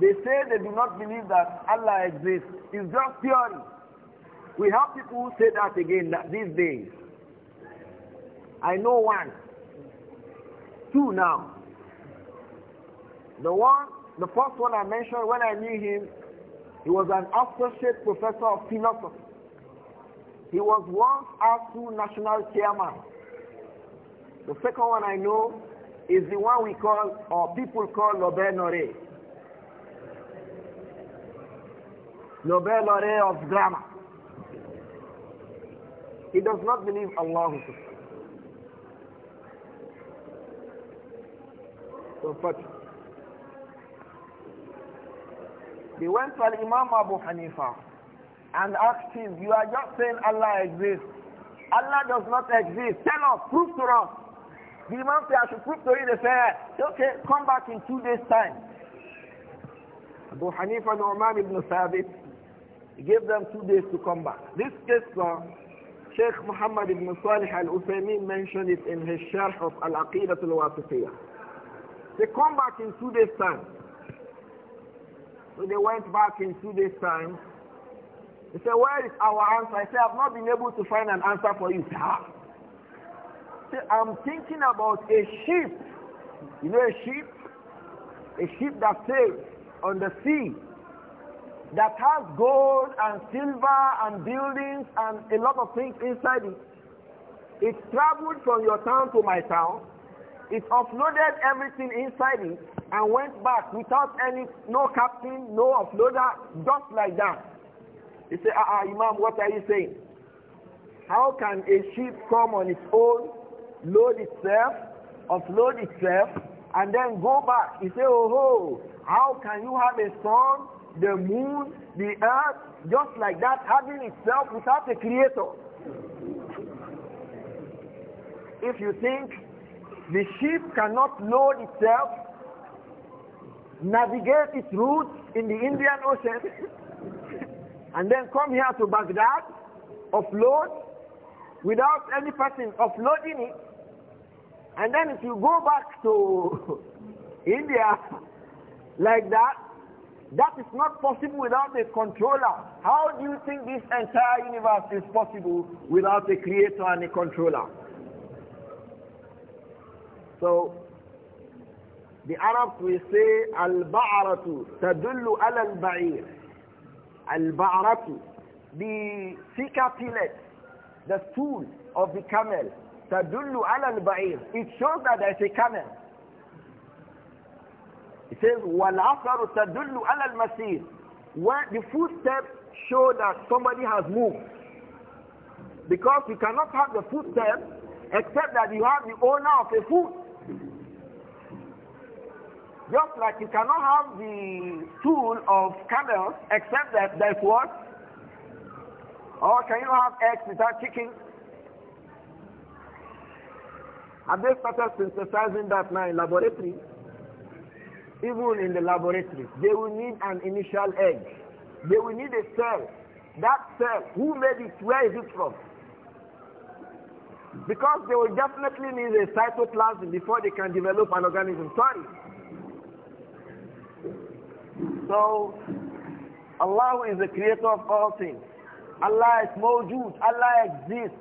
They say they do not believe that Allah exists. It's just theory. We have people who say that again that these days. I know one. Two now. The one, the first one I mentioned when I knew him, he was an associate professor of philosophy. He was once ASU national chairman. The second one I know is the one we call, or people call Nobel Nore. Nobel Nore of grammar. He does not believe Allah. So, but He went to Imam Abu Hanifa and asked him, you are just saying Allah exists. Allah does not exist. Tell us, prove to us. The Imam said, I should prove to you. They said, okay, come back in two days' time. Abu Hanifa Nu'man ibn Thabit gave them two days to come back. This case, uh, Sheikh Muhammad ibn Salih al-Uthaymeen mentioned it in his Sharh of Al-Aqidat al-Wasitiyah. They come back in two days' time. So they went back in two days' time. They said, where is our answer? I said, I've not been able to find an answer for you. I'm thinking about a ship. You know a ship? A ship that sails on the sea that has gold and silver and buildings and a lot of things inside it. It traveled from your town to my town it offloaded everything inside it and went back without any, no captain, no offloader, just like that. He said, ah, ah, Imam, what are you saying? How can a ship come on its own, load itself, offload itself, and then go back? He said, oh, ho, oh, how can you have a sun, the moon, the earth, just like that, having itself without a creator? If you think the ship cannot load itself, navigate its route in the Indian Ocean, and then come here to Baghdad, offload, without any person offloading it. And then if you go back to India like that, that is not possible without a controller. How do you think this entire universe is possible without a creator and a controller? So the Arabs will say al-ba'ratu tadullu ala al-ba'ir. Al-ba'ratu the thicker pillet, the stool of the camel tadullu ala al-ba'ir. It shows that there is a camel. It says wal-asaru tadullu ala al-masir. Where the footsteps show that somebody has moved. Because you cannot have the footsteps except that you have the owner of a foot. Just like you cannot have the tool of camels except that there's what? Or can you have eggs without chicken? Have they started synthesizing that now in laboratory? Even in the laboratory, they will need an initial egg. They will need a cell. That cell, who made it? Where is it from? Because they will definitely need a cytoplasm before they can develop an organism. Sorry. So, Allah is the creator of all things. Allah is mawjood. Allah exists.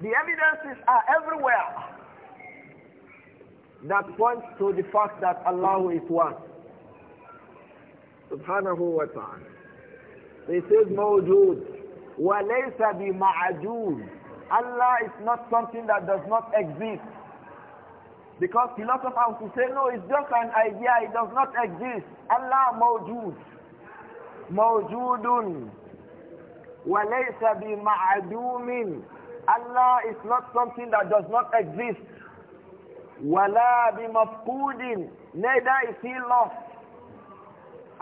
The evidences are everywhere that points to the fact that Allah is one. Subhanahu wa ta'ala. He says mawjood. وَلَيْسَ بِمَعْجُودٍ Allah is not something that does not exist. Because philosophers will say, no, it's just an idea, it does not exist. Allah mawjood. Mawjoodun. وَلَيْسَ بِمَعْدُومٍ Allah is not something that does not exist. وَلَا بِمَفْقُودٍ Neither is he lost.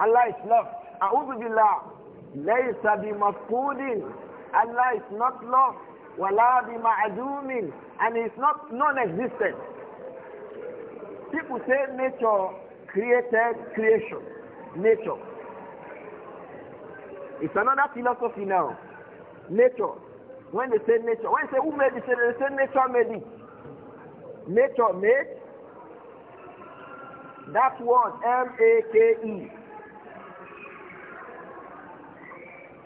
Allah is lost. أعوذ بالله. لَيْسَ بِمَفْقُودٍ Allah is not lost wala bi and it's not non-existent. People say nature created creation. Nature. It's another philosophy now. Nature. When they say nature, when they say who made it, they say nature made it. Nature made. That word M-A-K-E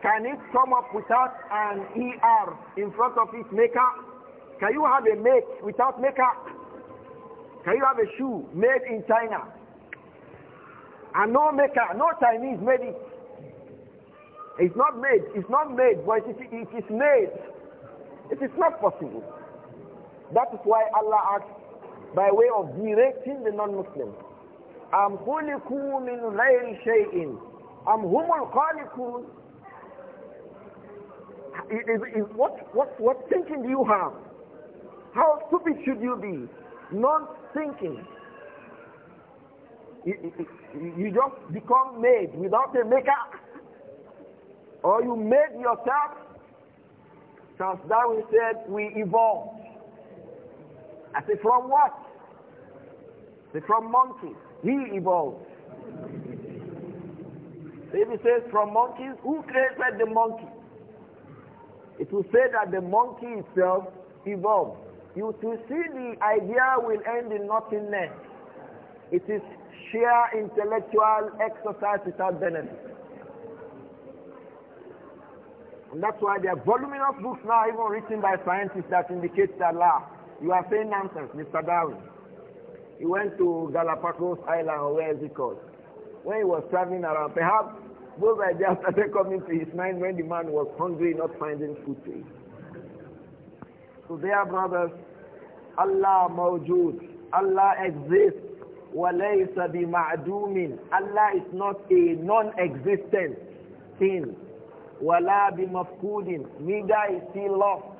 Can it come up without an ER in front of its maker? Can you have a make without maker? Can you have a shoe made in China? And no maker, no Chinese made it. It's not made, it's not made, but it is, it is made. It is not possible. That is why Allah acts by way of directing the non-Muslims. أَمْ خُلِقُوا مِنْ غَيْرِ شَيْءٍ أَمْ هُمُ الْخَالِقُونَ what, what, what thinking do you have? How stupid should you be? Not thinking. You, you, you just become made without a maker. Or you made yourself. Charles Darwin said, we evolved. I say, from what? I say, from monkeys. He evolved. David says from monkeys, who created the monkey? It will say that the monkey itself evolved. You to see the idea will end in nothingness. It is sheer intellectual exercise without benefit. And that's why there are voluminous books now even written by scientists that indicate that law. You are saying nonsense, Mr. Darwin. He went to Galapagos Island, or where is it called? When he was traveling around, perhaps those ideas started coming to his mind when the man was hungry, not finding food to eat. So are brothers, Allah mawjood, Allah exists, وَلَيْسَ بِمَعْدُومٍ Allah is not a non-existent thing. وَلَا بِمَفْقُودٍ Neither is he lost.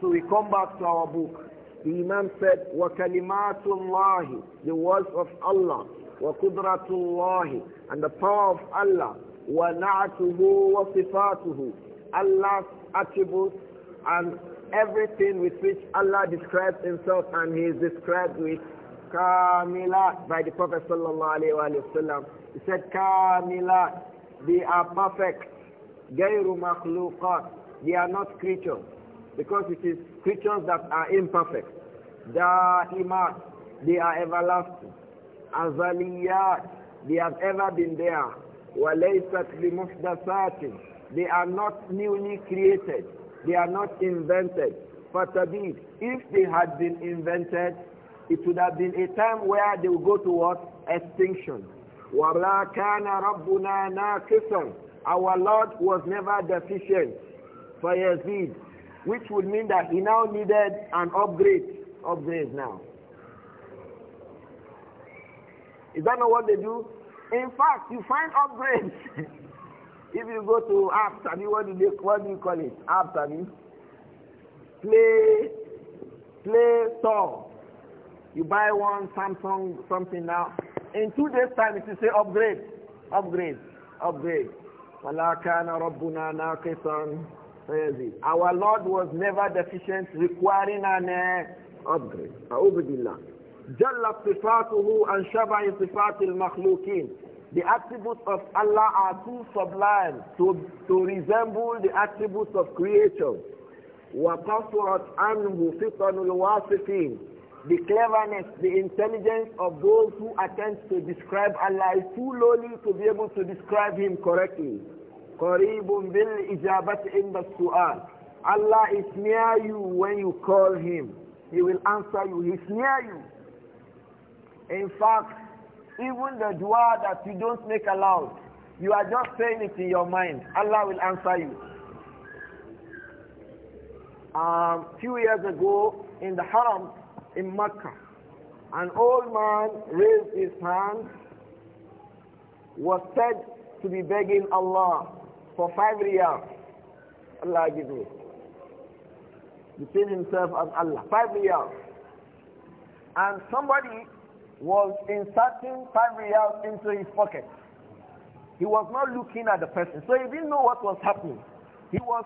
So we come back to our book. The Imam said, وَكَلِمَاتُ اللَّهِ The words of Allah and the power of Allah ونعته وصفاته Allah's attributes and everything with which Allah describes himself and he is described with kamilat by the Prophet sallallahu alaihi wasallam. He said kamilat, they are perfect, they are not creatures because it is creatures that are imperfect. Da'imat, they are everlasting azaliyat. They have ever been there. وَلَيْسَتْ بِمُحْدَثَاتٍ They are not newly created. They are not invented. فَتَبِيدْ If they had been invented, it would have been a time where they would go towards Extinction. وَلَا كَانَ رَبُّنَا نَاكِسًا Our Lord was never deficient. فَيَزِيدْ Which would mean that he now needed an upgrade. Upgrade now. Is that not what they do? In fact, you find upgrades. if you go to apps, I mean, what do they, what do you call it? Apps, I mean, play, play store. You buy one Samsung something now. In two days' time, it will say upgrade, upgrade, upgrade. Our Lord was never deficient, requiring an uh, upgrade. أعوذ the attributes of Allah are too sublime to, to resemble the attributes of creation. وَقَصُرَتْ عَنْهُ فِطَنُ الْوَاسِفِينَ The cleverness, the intelligence of those who attempt to describe Allah is too lowly to be able to describe Him correctly. قَرِيبٌ بِالْإِجَابَةِ عِنْدَ السُّؤَالِ Allah is near you when you call Him. He will answer you. He's near you. In fact, even the dua that you don't make aloud, you are just saying it in your mind. Allah will answer you. A um, few years ago, in the Haram in Mecca, an old man raised his hand, was said to be begging Allah for five years. Allah give me. Between himself and Allah. Five years," And somebody was inserting five reals into his pocket. He was not looking at the person, so he didn't know what was happening. He was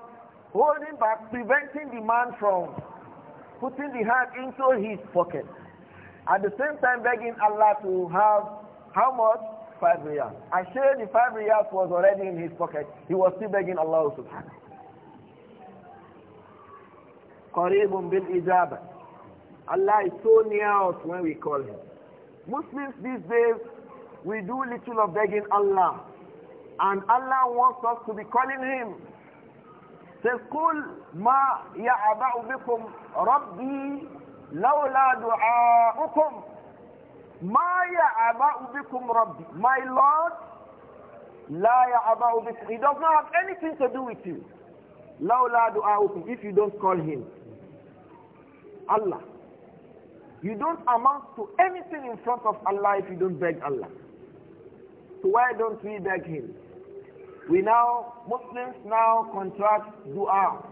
holding back, preventing the man from putting the hand into his pocket. At the same time begging Allah to have how much? Five riyals. I said the five riyals was already in his pocket. He was still begging Allah subhanahu. قريب بالإجابة Allah is so near us when we call him. Muslims these days, we do little of begging Allah. And Allah wants us to be calling Him. Says, قُلْ مَا يَعْبَعُ بِكُمْ رَبِّي لَوْلَا دُعَاءُكُمْ مَا يَعْبَعُ بِكُمْ رَبِّي My Lord, لَا يَعْبَعُ بِكُمْ He does not have anything to do with you. لَوْلَا دُعَاءُكُمْ If you don't call Him. Allah. You don't amount to anything in front of Allah if you don't beg Allah. So why don't we beg Him? We now, Muslims now contract dua.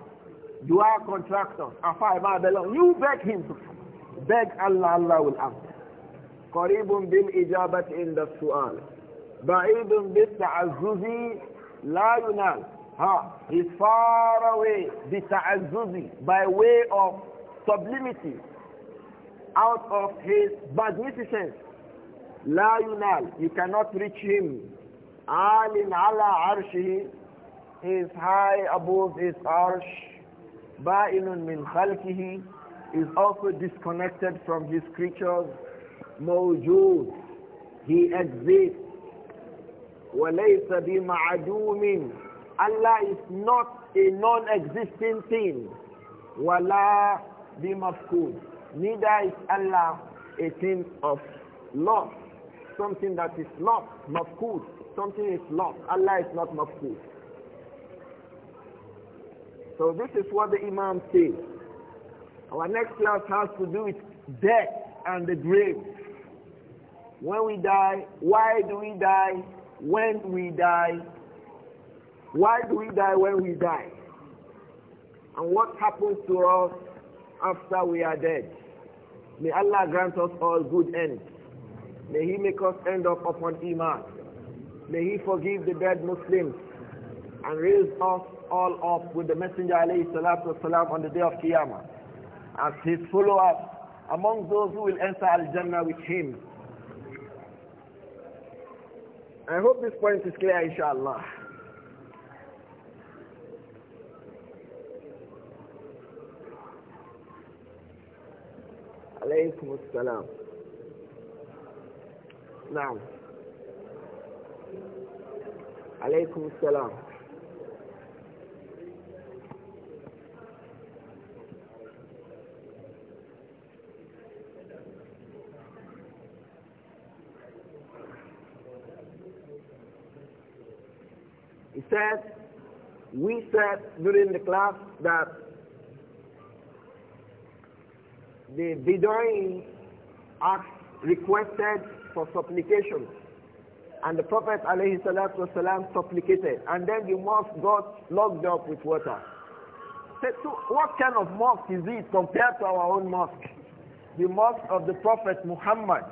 Dua contractors. You beg Him. Beg Allah, Allah will answer. قريب بالإجابة عند السؤال بعيد بالتعزز لا ينال ها he's far away بالتعزز by way of sublimity out of his magnificence. La يُنال you cannot reach him. Alin ala arshihi, he is high above his arsh. Ba'inun min khalqihi, is also disconnected from his creatures. موجود he exists. وَلَيْسَ بِمَعْدُومٍ Allah is not a non-existing thing. وَلَا بِمَفْقُودٍ Neither is Allah a thing of loss, something that is lost, mafkud, something is lost. Allah is not mafkud. So this is what the Imam says. Our next class has to do with death and the grave. When we die, why do we die? When we die? Why do we die when we die? And what happens to us after we are dead? May Allah grant us all good ends. May He make us end up upon Iman. May He forgive the dead Muslims and raise us all up with the Messenger alayhi salam on the day of Qiyamah. As his followers among those who will enter Al-Jannah with him. I hope this point is clear inshallah. عليكم السلام نعم عليكم السلام He said, we said during the class that the Bedouin asked, requested for supplication. And the Prophet ﷺ supplicated. And then the mosque got locked up with water. so what kind of mosque is it compared to our own mosque? The mosque of the Prophet Muhammad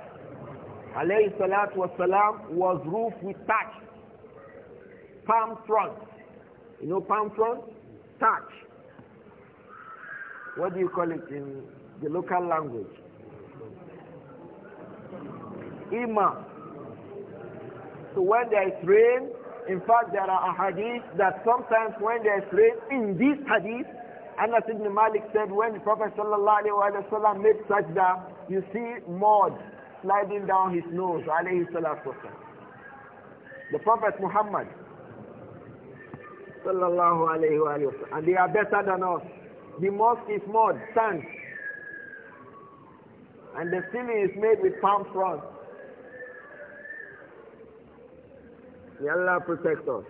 ﷺ was roofed with thatch. Palm front. You know palm front? Thatch. What do you call it in the local language. Imam. So when there is rain, in fact there are hadiths that sometimes when there is rain, in these hadiths, Anas ibn Malik said when the Prophet wasallam made such that you see mud sliding down his nose, alayhi salatu The Prophet Muhammad, sallallahu alayhi wa and they are better than us. The mosque is mud, sand. And the ceiling is made with palm fronds. May Allah protect us.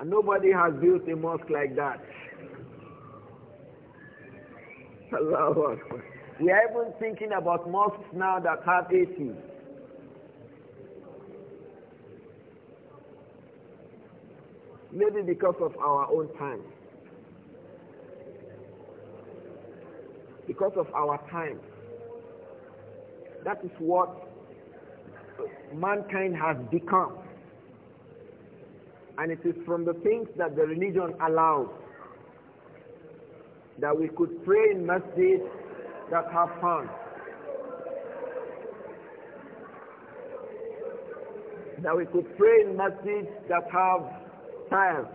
And nobody has built a mosque like that. Allah, We are even thinking about mosques now that have ACs. Maybe because of our own time. Because of our time. That is what mankind has become. And it is from the things that the religion allows that we could pray in masjid that have fun. That we could pray in masjid that have tiles.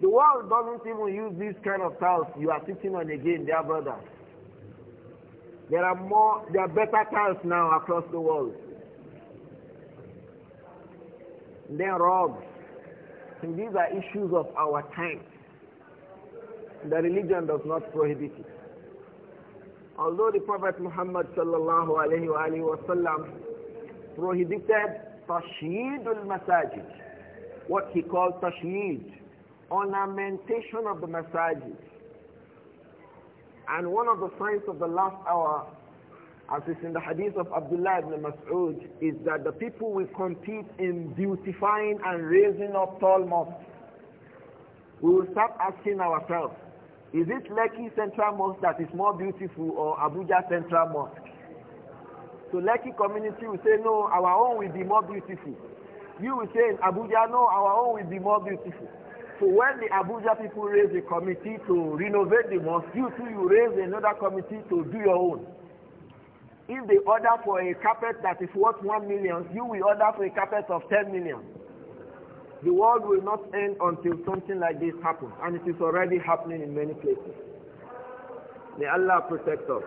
The world doesn't even use this kind of tiles you are sitting on again, dear brother. There are more, there are better tiles now across the world. And then rugs. And these are issues of our time. The religion does not prohibit it. Although the Prophet Muhammad sallallahu alaihi wa prohibited tashheed al-masajid, what he called tashmid, ornamentation of the masajid. And one of the signs of the last hour, as is in the hadith of Abdullah ibn Mas'ud, is that the people will compete in beautifying and raising up tall mosques. We will start asking ourselves, is it Lekki Central Mosque that is more beautiful or Abuja Central Mosque? So Lekki community will say, no, our own will be more beautiful. You will say in Abuja, no, our own will be more beautiful. So when the Abuja people raise a committee to renovate the mosque, you too you raise another committee to do your own. If they order for a carpet that is worth one million, you will order for a carpet of ten million. The world will not end until something like this happens, and it is already happening in many places. May Allah protect us.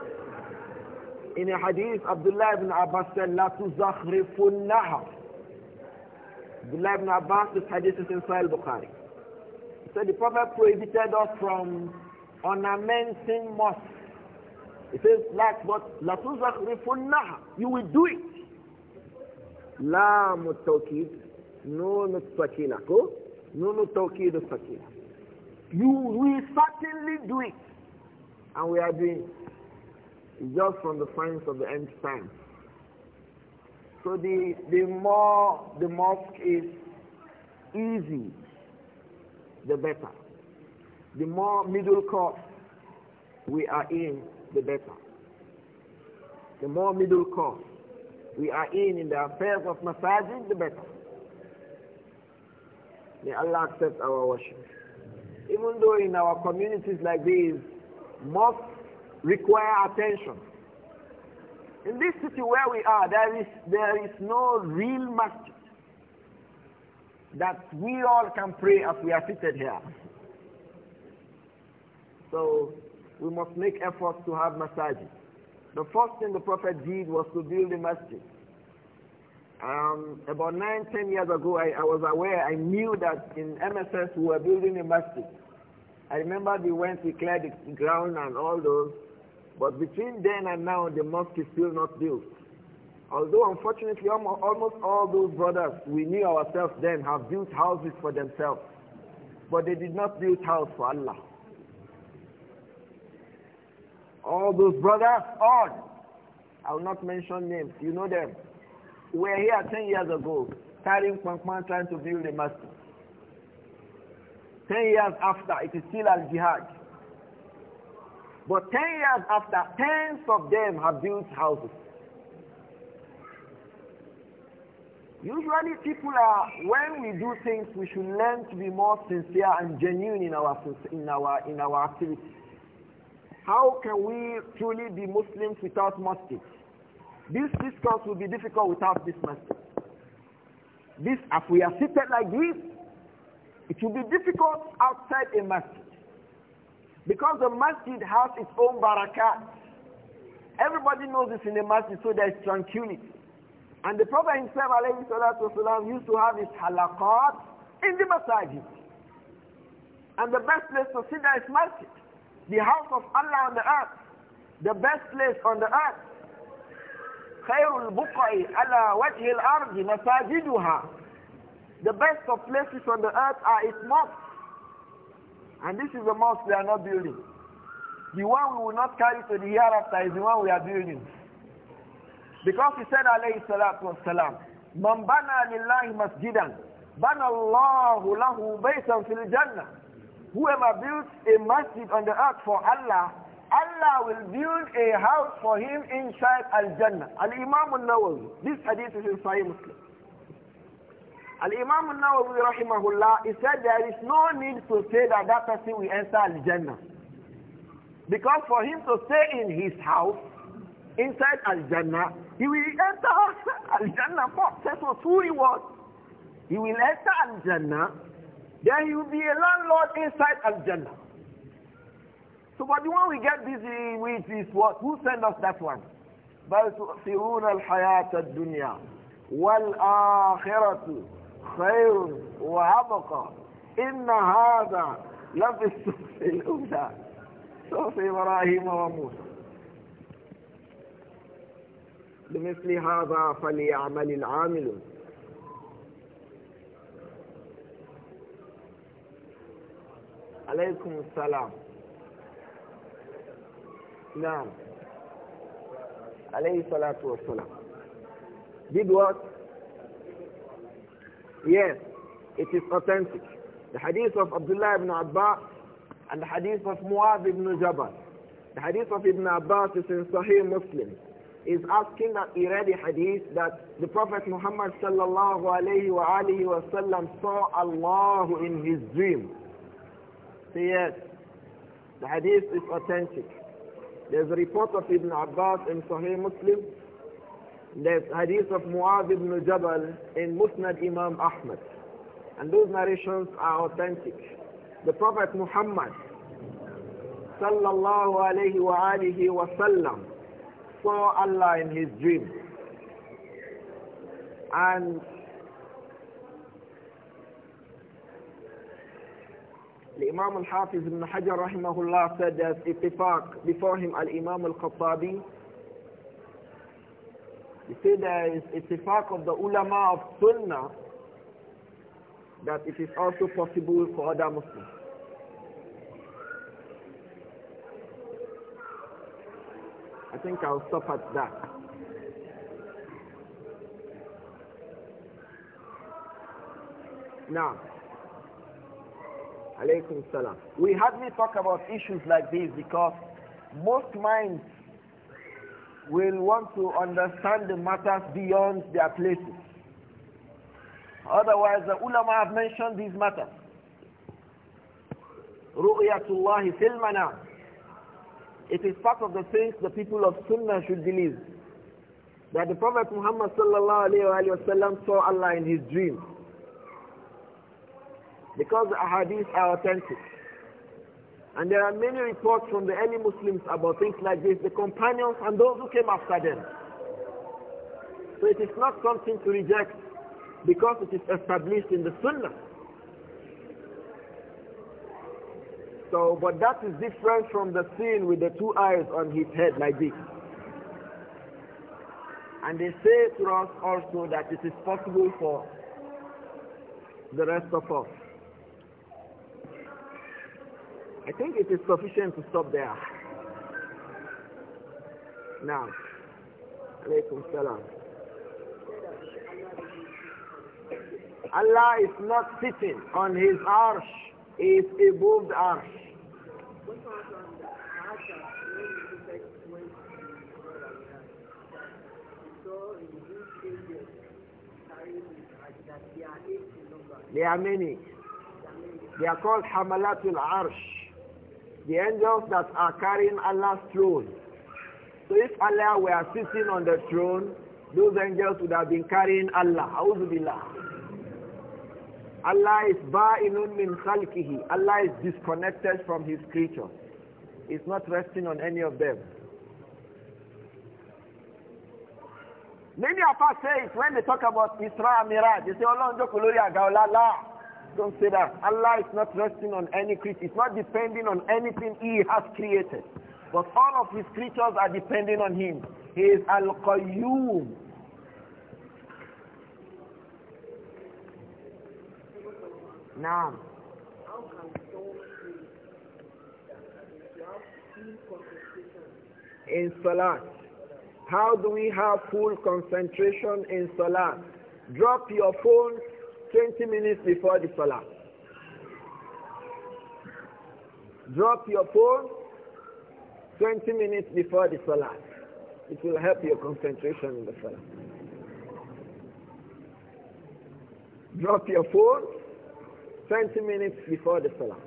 In a hadith, Abdullah ibn Abbas said, "La tuzakhrifu Abdullah ibn Abbas, this hadith is in Sahih Bukhari. He the Prophet prohibited us from ornamenting mosques. He says like but latuzakrifunnaha. You will do it. La mutawkid, no mutsakina. Go. No mutawkid sakina. You will certainly do it. And we are doing it. It's just from the signs of the end times. So the, the more the mosque is easy, the better. The more middle class we are in, the better. The more middle class we are in in the affairs of masjid, the better. May Allah accept our worship. Even though in our communities like these, mosques require attention. In this city where we are, there is, there is no real masjid that we all can pray as we are seated here. So we must make efforts to have masajid. The first thing the Prophet did was to build a masjid. Um, about nine, ten years ago, I, I, was aware, I knew that in MSS we were building a masjid. I remember we went, we cleared the ground and all those. But between then and now, the mosque is still not built. Although, unfortunately, almost all those brothers we knew ourselves then have built houses for themselves. But they did not build house for Allah. All those brothers, all, I will not mention names, you know them. We were here 10 years ago, carrying Kwankwan trying to build a mosque. 10 years after, it is still al-jihad. But 10 years after, tens of them have built houses. Usually people are, when we do things, we should learn to be more sincere and genuine in our, in our, in our activity. How can we truly be Muslims without mosques? This discourse will be difficult without this mosque. This, as we are seated like this, it will be difficult outside a mosque. Because the masjid has its own barakah, Everybody knows it's in the masjid, so there is tranquility. And the Prophet himself, alayhi salatu used to have his halaqat in the masjid. And the best place to sit there is masjid. The house of Allah on the earth. The best place on the earth. خير البقع على وجه الأرض masajiduha. The best of places on the earth are its mosques. And this is the mosque we are not building. The one we will not carry to the hereafter is the one we are building. Because he said, alayhi salatu wasalam, Man bana lillahi masjidan, bana Allahu lahu baytan fil jannah. Whoever builds a masjid on the earth for Allah, Allah will build a house for him inside Al-Jannah. Al-Imam al-Nawawi. This hadith is in Sahih Muslim. Al-Imam al-Nawawi rahimahullah, he said there is no need to say that that person will enter Al-Jannah. Because for him to stay in his house, inside Al-Jannah, he will enter Al-Jannah first. That's what who he was. He will enter Al-Jannah, then he will be a landlord inside Al-Jannah. So but the one we get busy with is what? Who sent us that one? بل تؤثرون الحياة الدنيا والآخرة خير وأبقى إن هذا لفي الصحف الأولى صحف إبراهيم وموسى بمثل هذا فليعمل العامل عليكم السلام نعم عليه الصلاة والسلام did what Yes, it is authentic. The hadith of Abdullah ibn Abbas and the hadith of Muaz ibn Jabal. The hadith of Ibn Abbas is in Sahih Muslim. Is asking that he read a hadith that the Prophet Muhammad sallallahu alayhi wa alihi wa sallam saw Allah in his dream. So yes, the hadith is authentic. There's a report of Ibn Abbas in Sahih Muslim there's hadith of Mu'adh ibn Jabal in Musnad Imam Ahmad. And those narrations are authentic. The Prophet Muhammad sallallahu alayhi wa alihi wa sallam saw Allah in his dream. And Imam al-Hafiz حجر Hajar, rahimahullah, said that i'ttifaq before him Imam al الخطابي you said there is fact of the ulama of sunnah that it is also possible for other Muslims. I think I'll stop at that. Now, alaykum salam. We hardly talk about issues like this because most minds will want to understand the matters beyond their places. Otherwise, the ulama have mentioned these matters. Ru'yatullah fil manam. It is part of the things the people of Sunnah should believe. That the Prophet Muhammad sallallahu alayhi wa sallam saw Allah in his dream Because the are authentic. And there are many reports from the early Muslims about things like this, the companions and those who came after them. So it is not something to reject because it is established in the Sunnah. So, but that is different from the scene with the two eyes on his head like this. And they say to us also that it is possible for the rest of us I think it is sufficient to stop there. Now, alaykum salam. Allah is not sitting on his arsh. He is above the arsh. There are many. They are called Hamalatul Arsh the angels that are carrying Allah's throne. So if Allah were sitting on the throne, those angels would have been carrying Allah. Auzubillah. Allah is ba'inun min khalqihi. Allah is disconnected from his creatures. It's not resting on any of them. Many of us say it when they talk about Isra and Miraj. They say, Allah, don't say that. Allah is not resting on any creature. It's not depending on anything He has created. But all of His creatures are depending on Him. He is Al-Qayyum. Now. In Salat. How do we have full concentration in Salat? Drop your phone 20 minutes before the salah. Drop your phone 20 minutes before the salah. It will help your concentration in the salah. Drop your phone 20 minutes before the salah.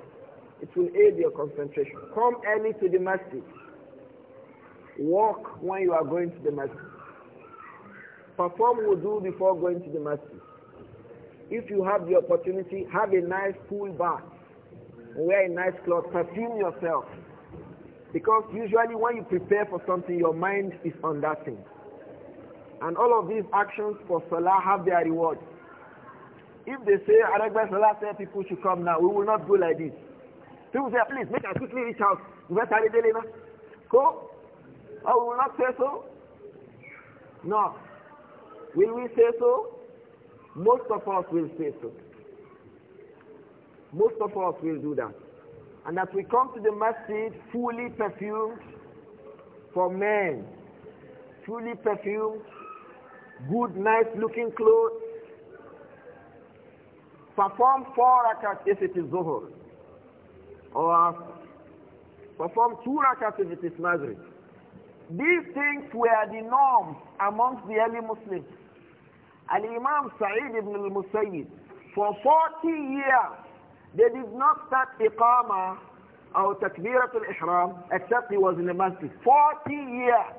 It will aid your concentration. Come early to the masjid. Walk when you are going to the masjid. Perform wudu before going to the masjid. If you have the opportunity, have a nice cool bath. Wear a nice cloth. Perfume yourself. Because usually when you prepare for something, your mind is on that thing. And all of these actions for Salah have their reward. If they say, Aregbe Salah said people should come now, we will not go like this. People say, please, make us quickly reach out. Go. Oh, we will not say so? No. Will we say so? Most of us will say so. Most of us will do that. And as we come to the masjid fully perfumed for men, fully perfumed, good, nice looking clothes. Perform four rakats if it is Zuhur or Perform two rakats if it is Maghrib. These things were the norms amongst the early Muslims. And Imam Sa'id ibn al-Musayyib, for 40 years, they did not start Iqama or Takbirat al-Ihram except he was in the masjid. 40 years!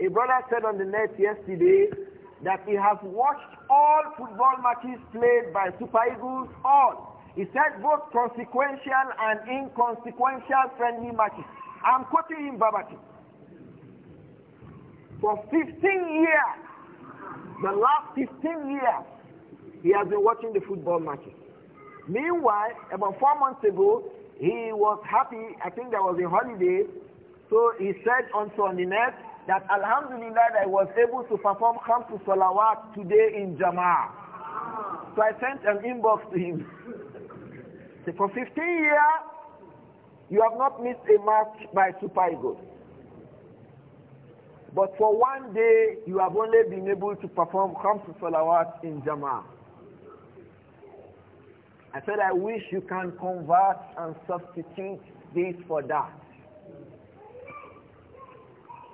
A brother said on the net yesterday that he has watched all football matches played by Super Eagles, all. He said both consequential and inconsequential friendly matches. I'm quoting him verbatim. For 15 years, the last 15 years, he has been watching the football matches. Meanwhile, about four months ago, he was happy. I think that was a holiday. So he said on Sunday night that Alhamdulillah I was able to perform Khamsu Salawat today in Jama'ah. So I sent an inbox to him. so for 15 years, you have not missed a match by Super Eagles. But for one day, you have only been able to perform Khamsu Salawat in Jama'ah. I said, I wish you can convert and substitute this for that.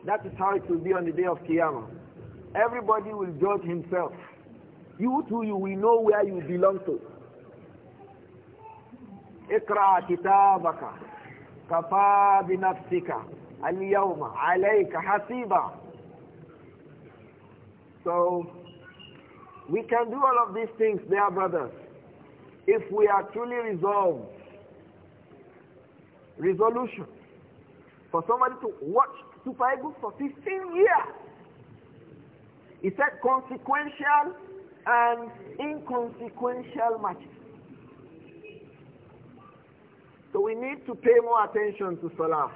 That is how it will be on the day of Qiyamah. Everybody will judge himself. You too, you will know where you belong to. اقرأ كتابك كفى بنفسك Al-Yawma alayka So, we can do all of these things, dear brothers, if we are truly resolved. Resolution. For somebody to watch Super Eagles for 15 years. He said consequential and inconsequential matches. So we need to pay more attention to Salah.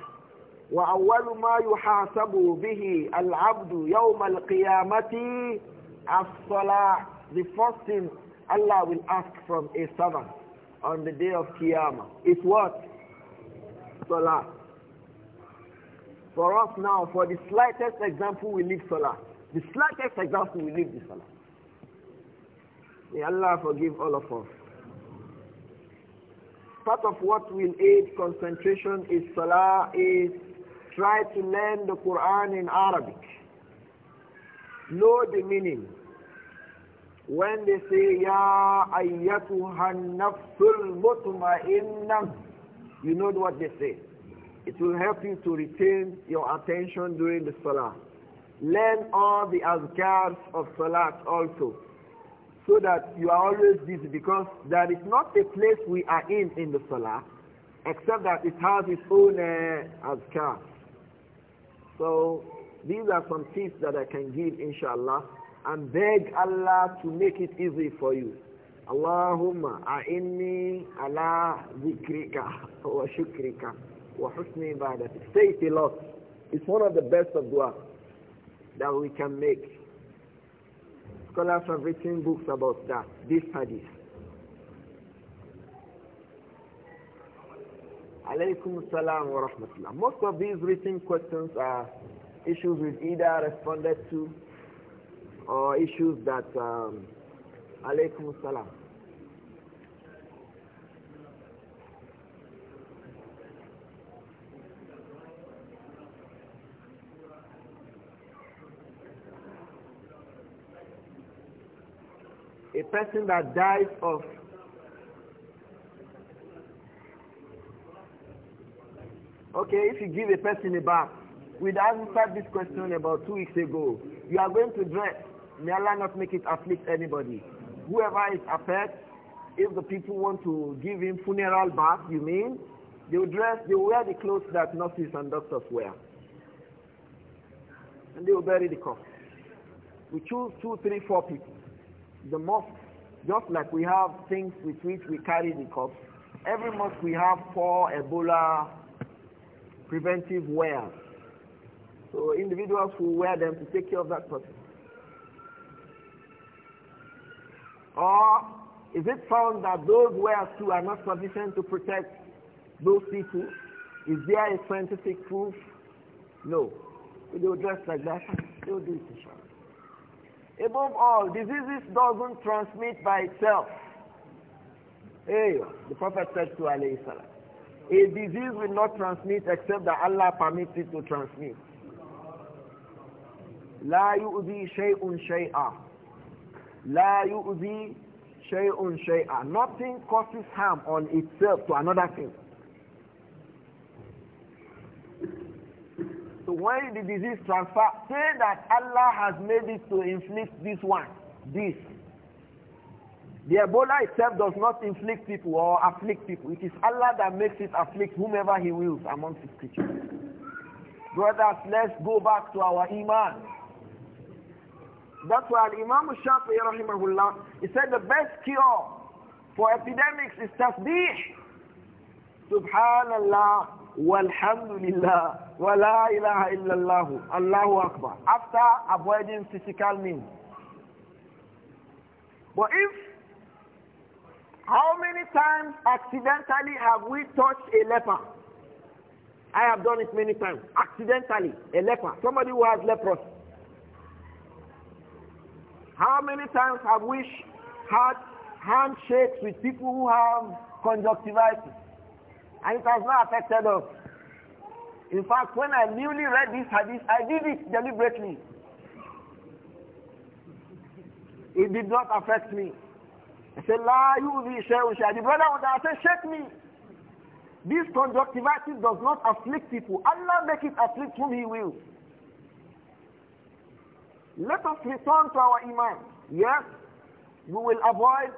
وأول ما يحاسب به العبد يوم القيامة الصلاة The first thing Allah will ask from a servant on the day of Qiyamah is what? Salah. For us now, for the slightest example, we leave Salah. The slightest example, we leave the Salah. May Allah forgive all of us. Part of what will aid concentration is Salah is Try to learn the Quran in Arabic. Know the meaning. When they say, Ya ayyatuhan nafsul mutma'innam, you know what they say. It will help you to retain your attention during the Salah. Learn all the azkars of Salat also so that you are always busy because that is not the place we are in in the salah except that it has its own uh, so these are some tips that I can give, inshallah, and beg Allah to make it easy for you. Allahumma a'inni ala zikrika wa shukrika wa husni ibadati. Say it a lot. It's one of the best of dua that we can make. Scholars have written books about that, this hadith. Alaykum salam wa rahmatullah. Most of these written questions are issues we've either responded to or issues that um, alaykum salam. A person that dies of Okay, if you give a person a bath, we answered this question about two weeks ago. You are going to dress. May Allah not make it afflict anybody. Whoever is affected, if the people want to give him funeral bath, you mean, they will dress, they will wear the clothes that nurses and doctors wear. And they will bury the corpse. We choose two, three, four people. The mosque, just like we have things with which we carry the corpse, every mosque we have four Ebola preventive wear. So individuals who wear them to take care of that person. Or is it found that those wares too are not sufficient to protect those people? Is there a scientific proof? No. They will dress like that. They will do it Above all, diseases doesn't transmit by itself. Hey, the Prophet said to Alayhi Salaam. A disease will not transmit except that Allah permits it to transmit. لا يؤذي شيء شيئا لا يؤذي shay'un shay'a. Nothing causes harm on itself to another thing. So when the disease transfer, say that Allah has made it to inflict this one, this. The Ebola itself does not inflict people or afflict people. It is Allah that makes it afflict whomever He wills amongst His creatures. Brothers, let's go back to our Iman. That's why Imam Shafi'i rahimahullah, he said the best cure for epidemics is tasbih. Subhanallah, walhamdulillah, wa la ilaha illallah, Allahu Akbar. After avoiding physical means. But if how many times accidentally have we touched a leper? I have done it many times. Accidentally, a leper, somebody who has leprosy. How many times have we had handshakes with people who have conjunctivitis? And it has not affected us. In fact, when I newly read this hadith, I did it deliberately. It did not affect me. He said, La yu'zi shay'un The brother would I said, shake me. This conjunctivitis does not afflict people. Allah make it afflict whom He will. Let us return to our iman. Yes, we will avoid,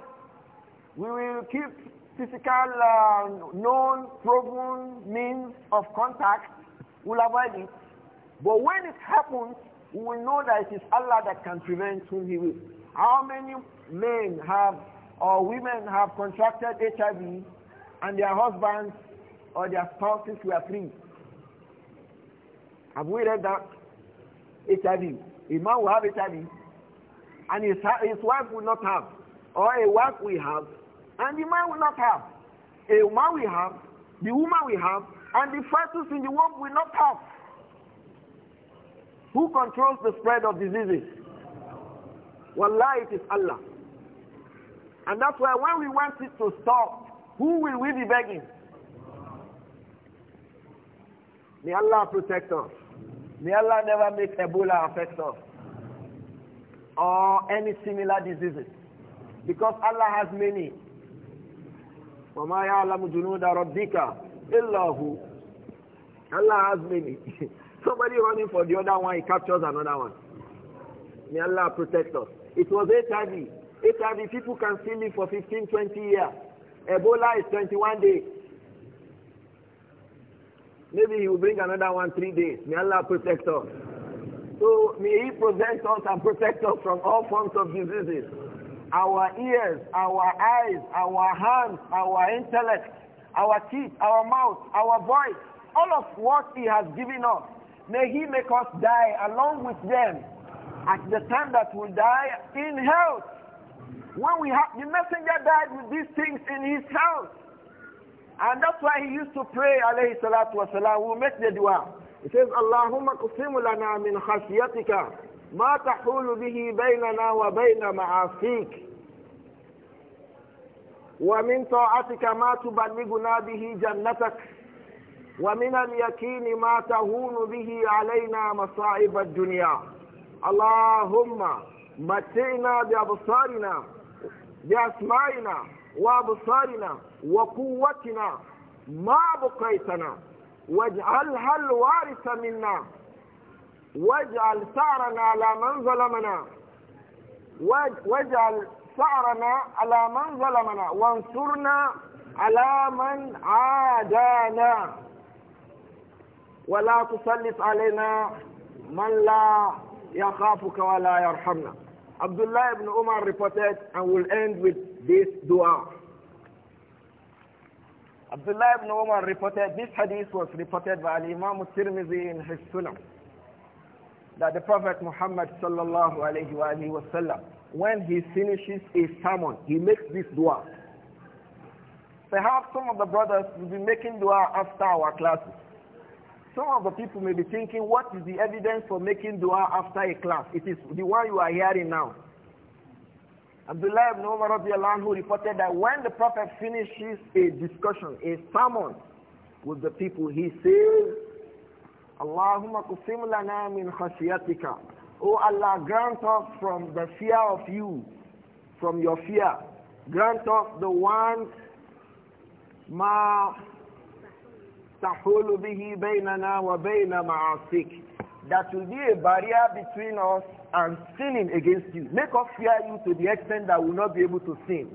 we will keep physical, uh, known, proven means of contact. We'll avoid it. But when it happens, we will know that it is Allah that can prevent whom He will. How many men have or women have contracted HIV and their husbands or their spouses were free. Have we read that? HIV. A man will have HIV and his, his wife will not have. Or a wife will have and the man will not have. A woman will have, the woman will have, and the fetus in the womb will not have. Who controls the spread of diseases? Wallahi, it is Allah. And that's why when we want it to stop, who will we be begging? May Allah protect us. May Allah never make Ebola affect us or any similar diseases. Because Allah has many. وَمَا Allah has many. Somebody running for the other one, he captures another one. May Allah protect us. It was HIV. HIV people can still live for 15, 20 years. Ebola is 21 days. Maybe he will bring another one three days. May Allah protect us. So may He protect us and protect us from all forms of diseases. Our ears, our eyes, our hands, our intellect, our teeth, our mouth, our voice, all of what He has given us. May He make us die along with them at the time that we die in health when we have the messenger died with these things in his house. And that's why he used to pray, alayhi salatu wasalam, we'll make the dua. He says, Allahumma qusimu lana min khashyatika ma tahulu bihi baynana wa bayna ma'afiq. Wa min ta'atika ma tubaliguna bihi jannatak. Wa min al-yakini ma tahunu bihi alayna masaib al-dunya. Allahumma matina bi absarina بأسمائنا وأبصارنا وقوتنا ما بقيتنا واجعلها الوارث منا واجعل ثأرنا على من ظلمنا واجعل ثأرنا على من ظلمنا وانصرنا على من عادانا ولا تسلط علينا من لا يخافك ولا يرحمنا Abdullah ibn Umar reported and will end with this dua. Abdullah ibn Umar reported, this hadith was reported by Imam Tirmidhi in his Sunnah, that the Prophet Muhammad sallallahu alayhi wa alayhi wa sallam, when he finishes a sermon, he makes this dua. Perhaps some of the brothers will be making dua after our classes some of the people may be thinking, what is the evidence for making dua after a class? It is the one you are hearing now. Abdullah ibn Umar who reported that when the Prophet finishes a discussion, a sermon with the people, he says, Allahumma kusim lana min khashiyatika. O Allah, grant us from the fear of you, from your fear. Grant us the one ma تحول به بيننا وبين معاصيك that will be a barrier between us and sinning against you. Make us fear you to the extent that we will not be able to sin.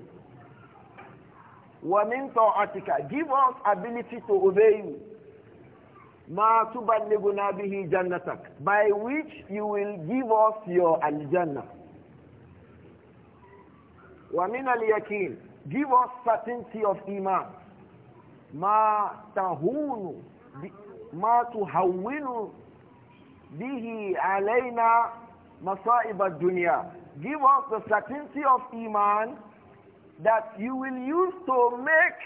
وَمِنْ طَاعَتِكَ Give us ability to obey you. مَا تُبَلِّغُنَا بِهِ جَنَّتَكَ By which you will give us your al وَمِنَ الْيَقِينِ Give us certainty of iman. ما تهون ما تهون به علينا مصائب الدنيا give us the certainty of iman that you will use to make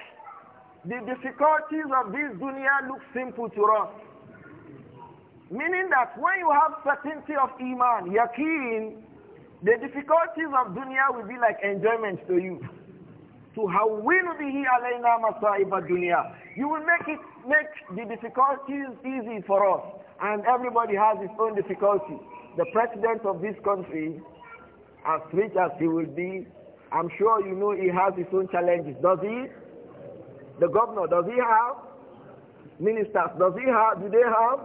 the difficulties of this dunya look simple to us meaning that when you have certainty of iman yakin, the difficulties of dunya will be like enjoyment to you تهون به علينا مصائب dunia? you will make it make the difficulties easy for us and everybody has his own difficulties the president of this country as rich as he will be i'm sure you know he has his own challenges does he the governor does he have ministers does he have do they have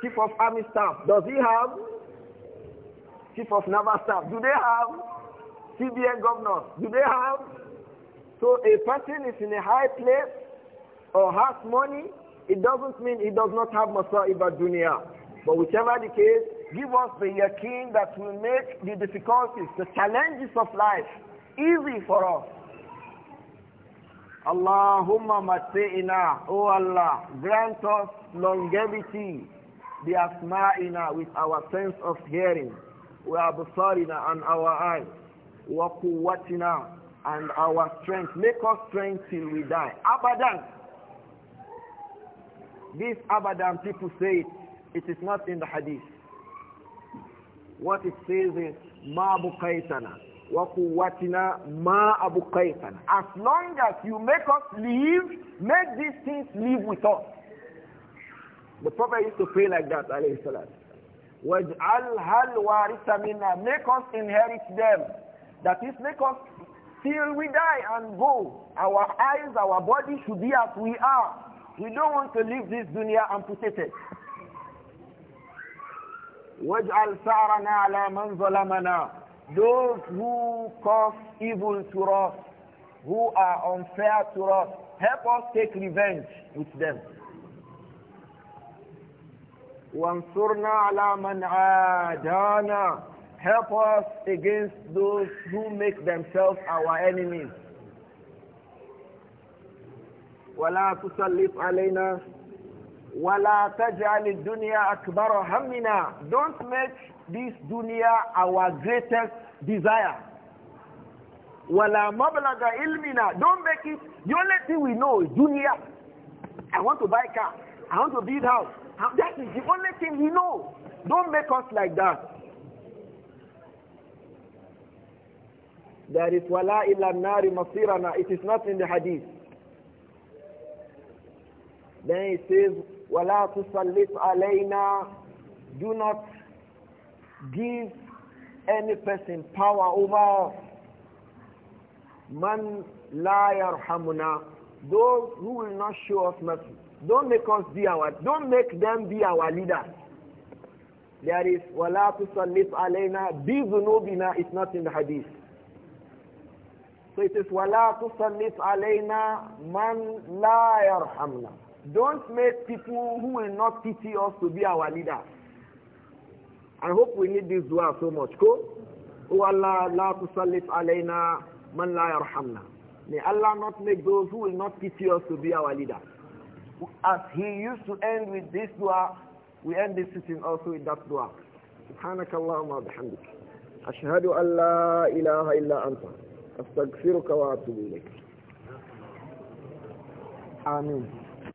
chief of army staff does he have chief of naval staff do they have CBN governors, do they have? So a person is in a high place or has money, it doesn't mean he does not have Masa'iba Ibadunia. But whichever the case, give us the yakin that will make the difficulties, the challenges of life easy for us. Allahumma matte'ina, O Allah, grant us longevity, the asma'ina with our sense of hearing, wa absarina and our eyes. وَقُوَّتِنَا And our strength. Make us strength till we die. Abadan. This Abadan, people say it. It is not in the hadith. What it says is, مَا بُقَيْتَنَا وَقُوَّتِنَا ma أَبُقَيْتَنَا As long as you make us live, make these things live with us. The Prophet used to pray like that, alayhi salam. hal wa مِنَّا Make us inherit them. That is, make us till we die and go. Our eyes, our body should be as we are. We don't want to leave this dunya amputated. وَاجْعَلْ سَعْرَنَا عَلَى مَنْ ظَلَمَنَا Those who cause evil to us, who are unfair to us, help us take revenge with them. وَانْصُرْنَا عَلَى مَنْ عَادَانَا Help us against those who make themselves our enemies. ولا تسلط علينا ولا تجعل الدنيا أكبر همنا Don't make this dunya our greatest desire. ولا مبلغ علمنا Don't make it, the only thing we know is dunya. I want to buy a car. I want to build house. That is the only thing we know. Don't make us like that. There is wala ila nari masirana. It is not in the hadith. Then it says, wala tusallit alayna. Do not give any person power over Man la yarhamuna. Those who will not show us mercy. Don't make us be our, don't make them be our leaders. There is wala tusallit alayna bi dhunubina. It's not in the hadith. So it is وَلَا تُسَلِّطْ عَلَيْنَا مَنْ لَا يَرْحَمْنَا Don't make people who will not pity us to be our leaders. I hope we need this dua so much. Go. Oh Allah, la tusallit alayna man la yarhamna. May Allah not make those who will not pity us to be our leaders. As He used to end with this dua, we end this sitting also with that dua. سبحانك اللهم وبحمدك أشهد أن لا إله إلا أنت أستغفرك وأتوب إليك آمين